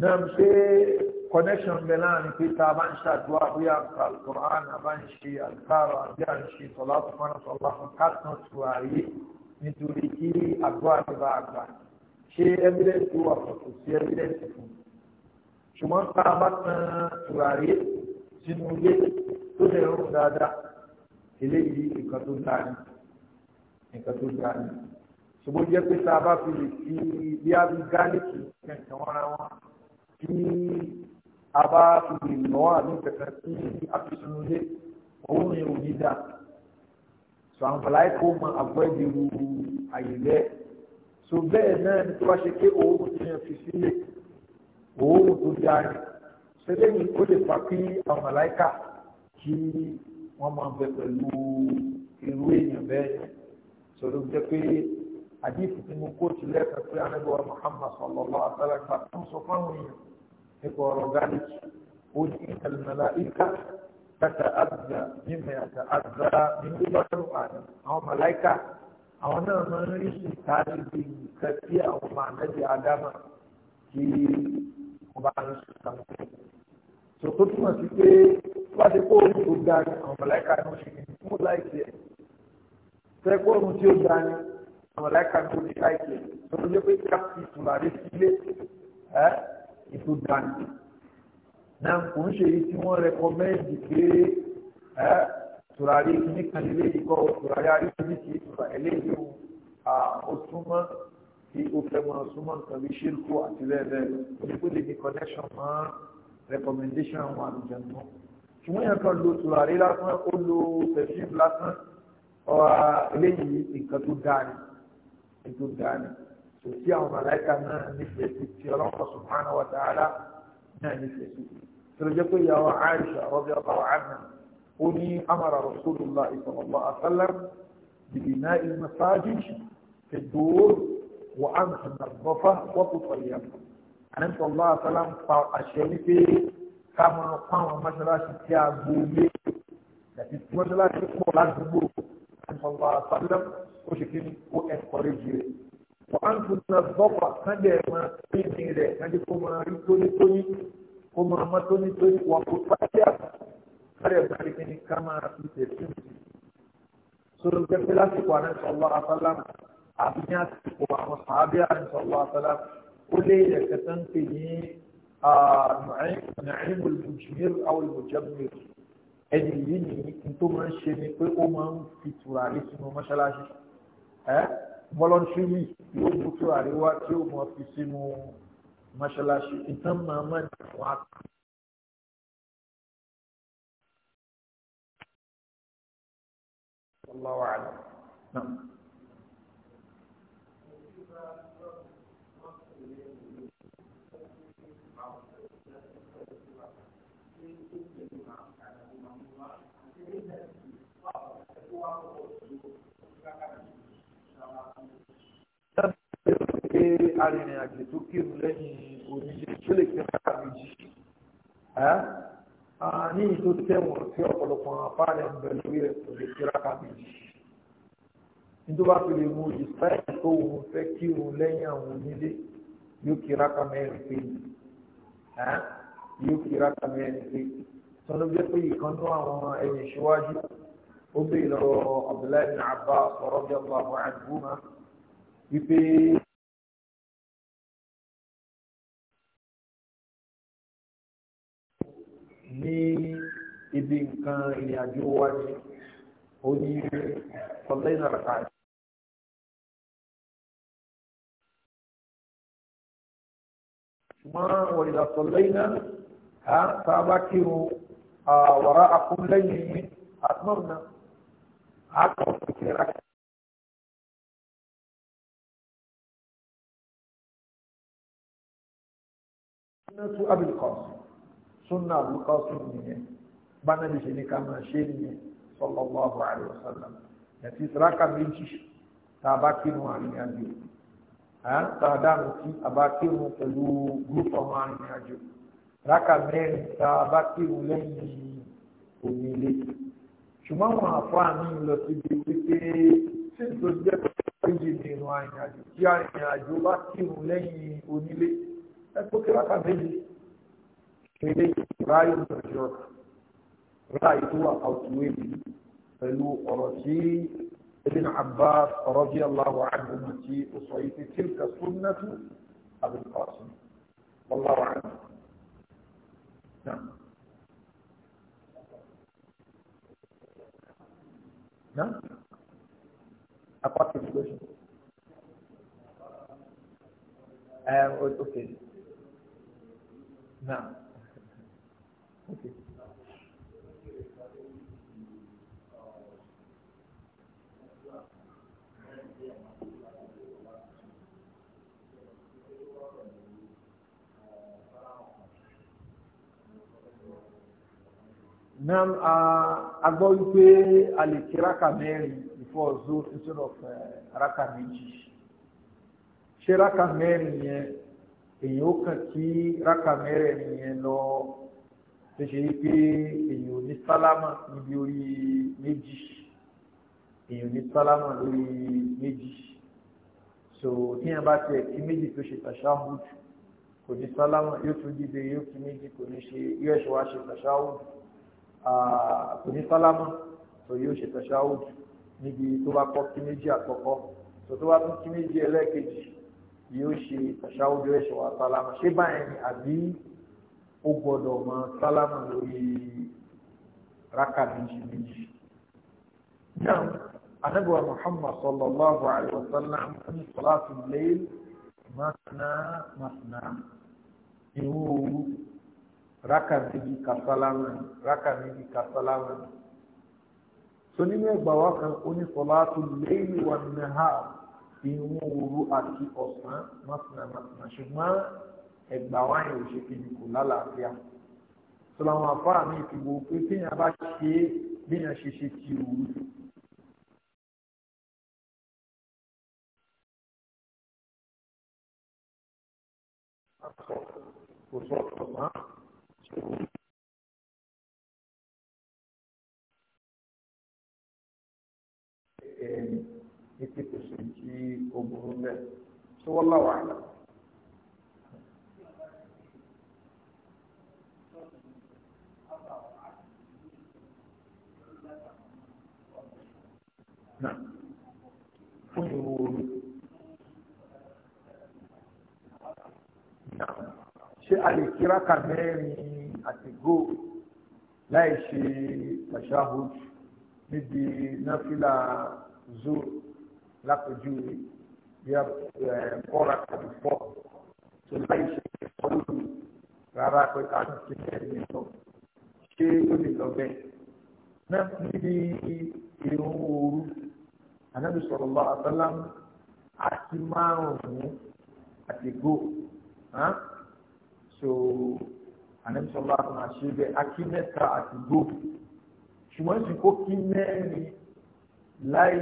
[SPEAKER 1] náà ṣe connection bẹ láàrin pé tá a bá ń ṣàdúrà bí a ka alukur'an ń ṣe alukaro àbí a ń ṣe sọlá tó fọ́nà sọlá fún ká tán tu nítorí kí àdúrà ti bá àgbà ṣé evidence wà kò sí evidence fún ṣùgbọ́n tá a bá tan tùràrí sínú ilé tó lè rún dáadáa eléyìí nǹkan tó dáa ni nǹkan tó dáa ni ṣùgbọ́n jẹ́ pé tá a bá fi lè fi bí a fi gáàlìkì kẹ̀kẹ́ wọn ra wọn tí a bá fi lè lọ́ àdúgbò kẹ̀kẹ́ sí àfisùn ilé òun ni òní dáa so àǹfààní kò mọ àgbọ̀ ìdìbò àyè bẹ́ẹ̀ so bẹ́ẹ̀ náà ni tó bá ṣe pé òórùn ti yàn fi sílẹ̀ òórùn tó dáa ni sẹ́lẹ̀yìn ó lè fa kí àwọn màláìkà kí wọ́n máa bẹ pẹ̀lú irú èèyàn bẹ́ẹ̀ sọ̀rọ̀ jẹ́ pé àdìsí tí mo kó tilẹ̀ kan pé anábẹ́wà Muhammad sallallahu alaihi gbà tó ń sọ fáwọn èèyàn nípa ọ̀rọ̀ gáàlì ó ní ìkàlùmọ̀lá ìkà tàtàtàbíà mímẹ àtàtàbíà nínú bàtàrù àná àwọn màláìkà àwọn náà máa ń rí ìta níbi nǹkan tí àwọn màláìkà àdámà kí wọn bá ń sùn kàwọn. sòkò túmọ̀ sí pé wọ́n ti kó orin tó ga ni àwọn màláìkà ní oṣù kìíní fún láìsí ẹ̀. fẹ́ kó tí ó ga ni àwọn màláìkà ní oṣù láìsí ẹ̀. sọ́dọ̀ jẹ́ pé káàpì tùmọ̀ àdé sílé ẹ̀ ètò ga ni náà kò ń ṣe èyí tí wọ́n rẹkọmẹ́ǹdì pé ẹ́ tùràrí kìíní kan lè léyìí kọ́ tùràrí arígbèjì kì í tùrà eléyìí o ó súnmọ́ tí ó fẹ́ mọ́ súnmọ́ nǹkan bí ṣírkù àti lẹ́ẹ̀lẹ́ onípò ní connection mọ́ recommendation àwọn àlùjẹun ṣùgbọ́n yẹn kan lo tùràrí lásán ó lo perfume lásán eléyìí nǹkan tó dáa ni ètò dáa ni kò sí àwọn màláìka náà nífẹ̀ẹ́ sí ti ọlọ́pàá subhanahu wa ta'ala náà nífẹ̀ẹ́ sí ti tẹ̀lẹ́jẹ́ pé ìyàwó Aisha radiyallahu anha ó ní amara rasulullah sallallahu alaihi wasallam bìbìnà ìmọ̀sáájì fi dúró wà á ń sìn àgbọ̀fà wọ́pù tọ̀lẹ́yà àní sallallahu alaihi wasallam pa àṣẹ wípé ká máa pa àwọn mọ́ṣáláṣí tí a gbòòlé àti mọ́ṣáláṣí pọ̀ ládùúgbò àní sallallahu alaihi wasallam ó ṣe kí ni ó ẹ̀kọ́rẹ́ jìrì wà á ń sìn àgbọ̀fà kájẹ̀ máa pè mí rẹ̀ kájẹ̀ kó máa kó máa mọ́ tónítóní wọn kó fáṣíà kárẹ̀ bá rí kí ni ká máa fi tẹ̀sí sọ̀rọ̀ pẹ́pẹ́ lásìkò àrẹ́sọ̀ ọlọ́ àtàlámù àbí ní àsìkò àwọn sàábì àrẹ́sọ̀ ọlọ́ àtàlámù ó lé ẹ̀kẹ́ tó ń pè ní nàìjíríà olùjìmír àwọn olùjẹ́mìr ẹni yìí ni tó máa ń ṣe ni pé ó máa ń fi tùràrí sínú mọ́ṣáláṣí ẹ́ voluntarily yóò mú tùràrí wá tí ó máa fi sínú mọ́ṣáláṣí
[SPEAKER 2] mọ́ṣáláṣí ìtàn màmá ìdàpọ̀ àkà. Wallahu a'lam. Naam.
[SPEAKER 1] arìnrìn-àjò tó kírun lẹ́yìn oníṣẹ́ tó lè kírun ara méjì ní ìtò tẹ́wọ̀n tí ọ̀pọ̀lọpọ̀ àpáàlẹ̀ ń bẹ̀ lórí rẹ̀ kò lè kíra ká méjì nítorí wàá fi lè mú ìsáyẹ̀ tó òun fẹ́ kírun lẹ́yìn àwọn onílé yóò kíra ká mẹ́rin pé yóò kíra ká mẹ́rin pé sọ́nà bí pé
[SPEAKER 2] ìkan tó àwọn ẹ̀yìn ìṣíwájú ó bèèrè lọ́wọ́ Abdullahi bin Abbas radiyallahu anhuma wípé níbi nǹkan ìrìn àjò wa ni ó ní ọ̀lẹ́ ìrànlọ́ta ṣùgbọ́n wọ́n ìdá sọ̀lẹ́ iná a ta bá kírun àwọ̀rá akúnlẹ́yìn àtúnmọ̀nà àtọ̀kùn kẹrà سنة أبي القاسم سنة أبي القاسم منين
[SPEAKER 1] bánàbí ṣe ní ká máa ṣe nìyẹn sallallahu alaihi wasallam ẹ̀tí ìsìláka méjì tàbá kínú àrìnàjò tàdánù tí àbá kínú pẹ̀lú gúrúpù ọmọ àrìnàjò ìsìláka mẹ́rin tàbá kínú lẹ́yìn onílé ṣùgbọ́n àwọn àfáà ní lọ síbi wípé tí n tó jẹ́ méjì nínú àrìnàjò tí àrìnàjò bá kínú lẹ́yìn onílé ẹ̀kọ́ kí ìsìláka méjì ṣe lè ráyè رايت هو او تويل فلو رسي ابن عباس رضي الله عنه التي اصيت تلك سنه ابي القاسم الله عنه
[SPEAKER 2] نعم نعم
[SPEAKER 1] أقاطع أم آه، أوكي نعم أوكي Nam a gbọ́ wípé a lè kí rákà mẹ́rin before zoro instead of eh, rákà méjì. Ṣé rákà mẹ́rin yẹn èyàn ó kàn kí rákà mẹ́rin yẹn lọ ṣe ṣe wípé èyàn ò ní sálámà níbi orí méjì. Èyàn So tí yẹn bá tiẹ̀ kí méjì tó ṣe tàṣáhùd kò ní sálámà yóò tún dìde yóò kí méjì Ah, kò ní sálámù tó yóò ṣe tàṣáhùdù níbi tó bá kọ́ kí méjì àkọ́kọ́ tó tó bá tún kí méjì ẹlẹ́ẹ̀kejì yóò ṣe tàṣáhùdù ẹ̀ṣọ́ wa sálámù ṣé báyẹn ni àbí ó gbọ́dọ̀ mọ sálámù lórí rákà méjì méjì. Náà anábìwá Muhammad sallallahu alayhi wa sallam ní salatul layl masna masna ìwúwo rákà méjì kàsálámà rákà méjì kàsálámà so nínú ẹgbà wa kan onísọláàtú léyìn wà nínú ha ìwọn òru àti ọ̀sán mọ́sánà mọ́sánà ṣùgbọ́n ẹgbà wa yẹn ò ṣe kejì kò lálàáfíà sọláwọn afárá mi ti wo pé téèyàn
[SPEAKER 2] bá ṣe é béèyàn ṣe ṣe ti òru kò sọ ọ̀sán ètí kò sí tí ó burú bẹ́ẹ̀ tí wọ́n láwàá àlà. fún
[SPEAKER 1] ṣé a lè kíra kà àti gold láì ṣe tashahud níbi náfìlà zoo lápèjúwe bí ọ̀rà tàbí fọ́ tó láì ṣe ìfọ́lùkù rárá pé ká ní kí ẹ ní lọ ṣé ó lè lọ bẹ́ẹ̀. níbi irun ooru ànábì sọ̀rọ̀ lọ àtàlámù àti márùn-ún àti gold ànẹ́bísọ́lá tó máa ṣe bẹ́ẹ̀ akí mẹ́ta àti gbó ṣùgbọ́n sì kó kí mẹ́rin láì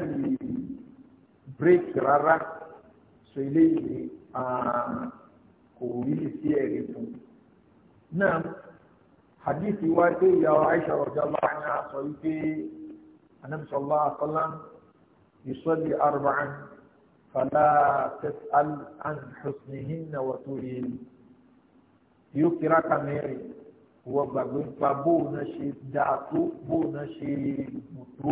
[SPEAKER 1] bírèkì rárá sọ eléyìí kò rí sí ẹ̀rí fún náà hadith wa dé ìyàwó Aisha radiyallahu anha sọ wípé ànẹ́bísọ́lá àtọ́lá yusalli arba'an fala tas'al an husnihinna wa tulihin yóò kíra ka mẹ́rin wọ́n gbàgbé nípa bóun náà ṣe dáa tó bóun náà ṣe mú tó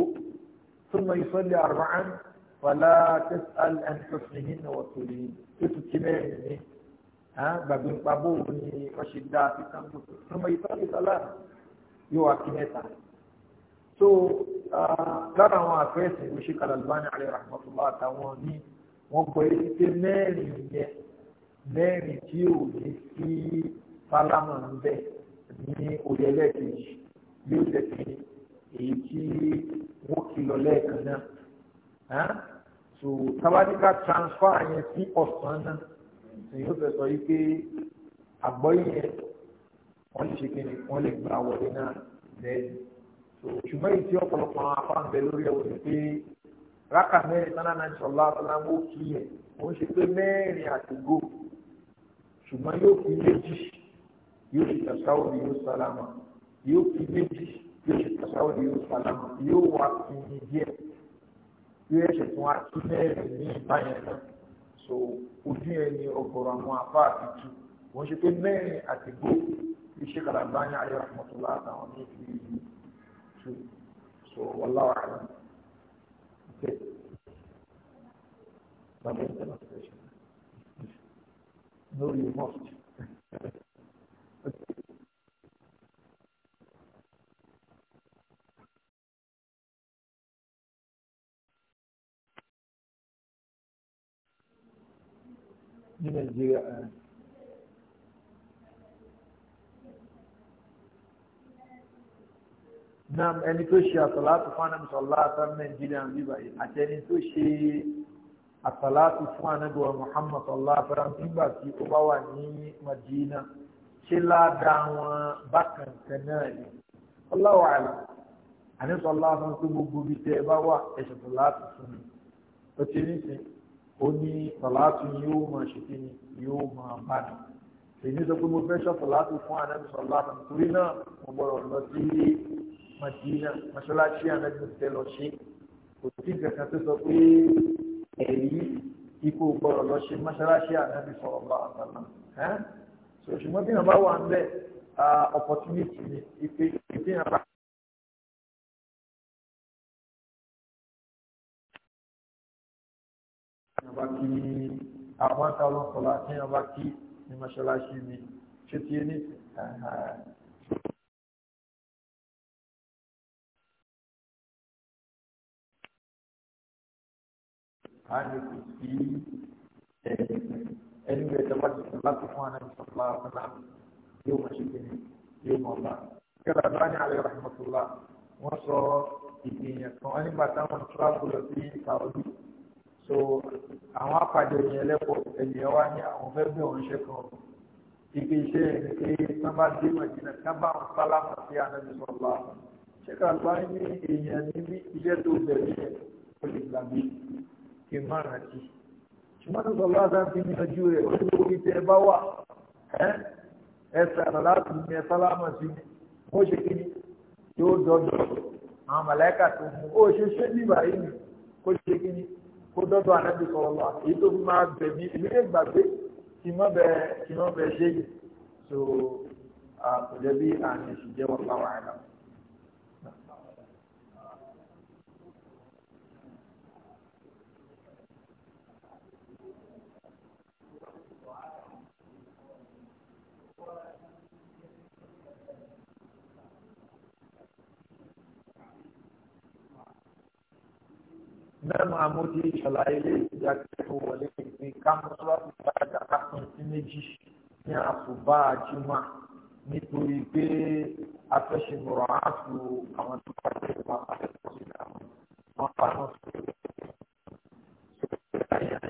[SPEAKER 1] ثم يصلي أربعا فلا تسأل عن حسنهن وطولهن ètò tìlẹ̀ ẹ̀mí gbàgbé nípa bóun ni wọ́n ṣe dáa sí kánkó ثم يصلي ثلاثا yóò wá kí mẹ́ta so ah, lára àwọn àfẹ́sẹ̀ ló ṣe kalalbani alayhi rahmatullah àtàwọn ní wọ́n gbọ́ èyí pé mẹ́rin yẹn mẹ́rin tí ò ní sí sálámà ń bẹ ní orí ẹlẹ́ẹ̀kejì bí ó jẹ́ pé èyí tí wọ́n kìlọ̀ lẹ́ẹ̀kan náà so tabanika transfer yẹn sí ọ̀sán náà èyí ó fẹ́ sọ yìí pé àgbọ̀ yẹn wọ́n lè ṣe kí wọ́n lè gba wọlé náà lẹ́yìn so ṣùgbọ́n èyí tí ọ̀pọ̀lọpọ̀ àwọn afáǹbẹ lórí ẹ̀wọ̀n ni pé rákà mẹ́rin sáná náà ṣọlá ọ̀la ó kí yẹn òun ṣe pé mẹ́rin àti ṣùgbọ́n yóò fi méjì ṣe yóò ṣe tàṣáwò yóò sálámà yóò fi méjì yóò ṣe tàṣáwò yóò sálámà yóò wá sí ní díẹ̀ yóò ṣe tún wá sí mẹ́rin ní ìbáyẹn náà so ojú yẹn ni ọ̀gọ̀rọ̀ àwọn afá àti tu wọn ṣe pé mẹ́rin àti gbó iṣẹ́ kàlàbá ní ayé rahmatullah àtàwọn ní ìlú tu so wallahu a'lam okay. Not in demonstration ní
[SPEAKER 2] nàìjíríà ẹ̀
[SPEAKER 1] náà ẹni tó ṣe àtàlátù fún anábì sọláàtà nàìjíríà ń bíbà yìí àti ẹni tó ṣe àtàlátù fún anábì wa muhammad sọláàtà nígbà tí ó bá wà ní madina ṣe láàdá wọn bákan tẹ̀ náà yìí Allahu a'lam àníṣọ́ láàfin pé gbogbo ibi tẹ́ ẹ bá wà ẹ̀ṣẹ̀ tó láti fún mi ó ti ní sìn ó ní sọ̀láàtù yóò máa ṣe kí ni yóò máa bá mi èyí sọ pé mo fẹ́ ṣọ́ sọ̀láàtù fún àníṣọ́ láàfin torí náà mo gbọ́dọ̀ lọ sí Madina mọ́ṣáláṣí àníṣọ́ tẹ́ lọ ṣe kò sí kankan tó sọ pé ẹ̀rí ikú gbọ́dọ̀ lọ ṣe mọ́ṣáláṣí àníṣọ́ ọ̀bà àtàlà
[SPEAKER 2] ṣùgbọ́n bí yàn bá wà ń bẹ̀ opportunity ni ìpè ìpè yàn bá. yàbá kí àwọn àtàwọn ọ̀pọ̀lá tí yàbá kí ní mọ́ṣáláṣí mi ṣe tí ní ààrẹ kò sí ẹ̀ẹ́dẹ̀ẹ́dẹ̀ ẹni bẹ tẹ wá tẹsán láti fún anabi sọlá
[SPEAKER 1] ọsọlá yóò máa ṣe kíni yóò máa bá kẹlẹ abáni alẹ rahmatullah wọn sọ ìgbìyàn kan wọn nígbà táwọn tíráàbù lọ sí saudi so àwọn apàdé yẹn lẹpọ ènìyàn wá ní àwọn fẹẹ bẹ òun ṣe kan
[SPEAKER 2] ibi iṣẹ ẹni pé
[SPEAKER 1] sábà dé màjìnà sábà ń sálámà sí anabi sọlá ṣẹkà abáni ní èèyàn níbi iṣẹ tó bẹ̀rẹ̀ yẹn ṣùgbọ́n sọ̀rọ̀ láti fi yanjú rẹ̀ ó ló fi tẹ́ bá wà ẹ sàrà láti ní ẹ sálámà sí ni mo ṣe kí ni yóò dọ́dọ̀ àwọn màláíkà tó mú ó ṣe ṣé nígbà yìí ni kó ṣe kí ni kó dọ́dọ̀ ànábì sọ̀rọ̀ lọ èyí tó fi máa bẹ̀ mí èmi lè gbàgbé kí mọ́ bẹ kí mọ́ bẹ ṣe yìí so àpòjẹ́bí àmì ìṣìjẹ́wọ́ pàwọ́ àìlàmù. mẹ́rin amóde ìṣàlàyé lè ìjà kẹ́kọ̀ọ́ wọlé ìpín kámọ́sọ́lá ti gba ìjà kápẹ́ sí méjì ní àsùbá àjímọ́ nítorí pé afẹ́ṣemọ̀rọ̀ àásù àwọn tó bá tẹ̀ wá pàtẹ́kọ̀ọ́ sí àwọn wọn pa sí ìwé ìgbà yẹn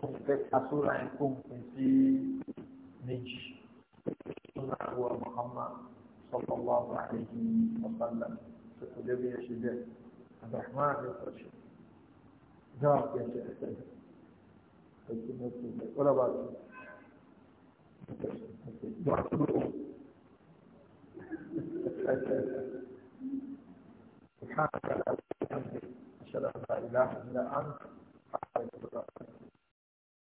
[SPEAKER 1] ṣe fẹ́ kásóra ẹ̀kọ́ òun sí méjì. Sọ́nà àwọn Muhammad. صلى الله عليه وسلم في الحديبية شديد عبد الرحمن يقول شيء جاء يا شيخ ولا بأس
[SPEAKER 2] سبحانك لا أشهد أن لا إله إلا أنت أستغفرك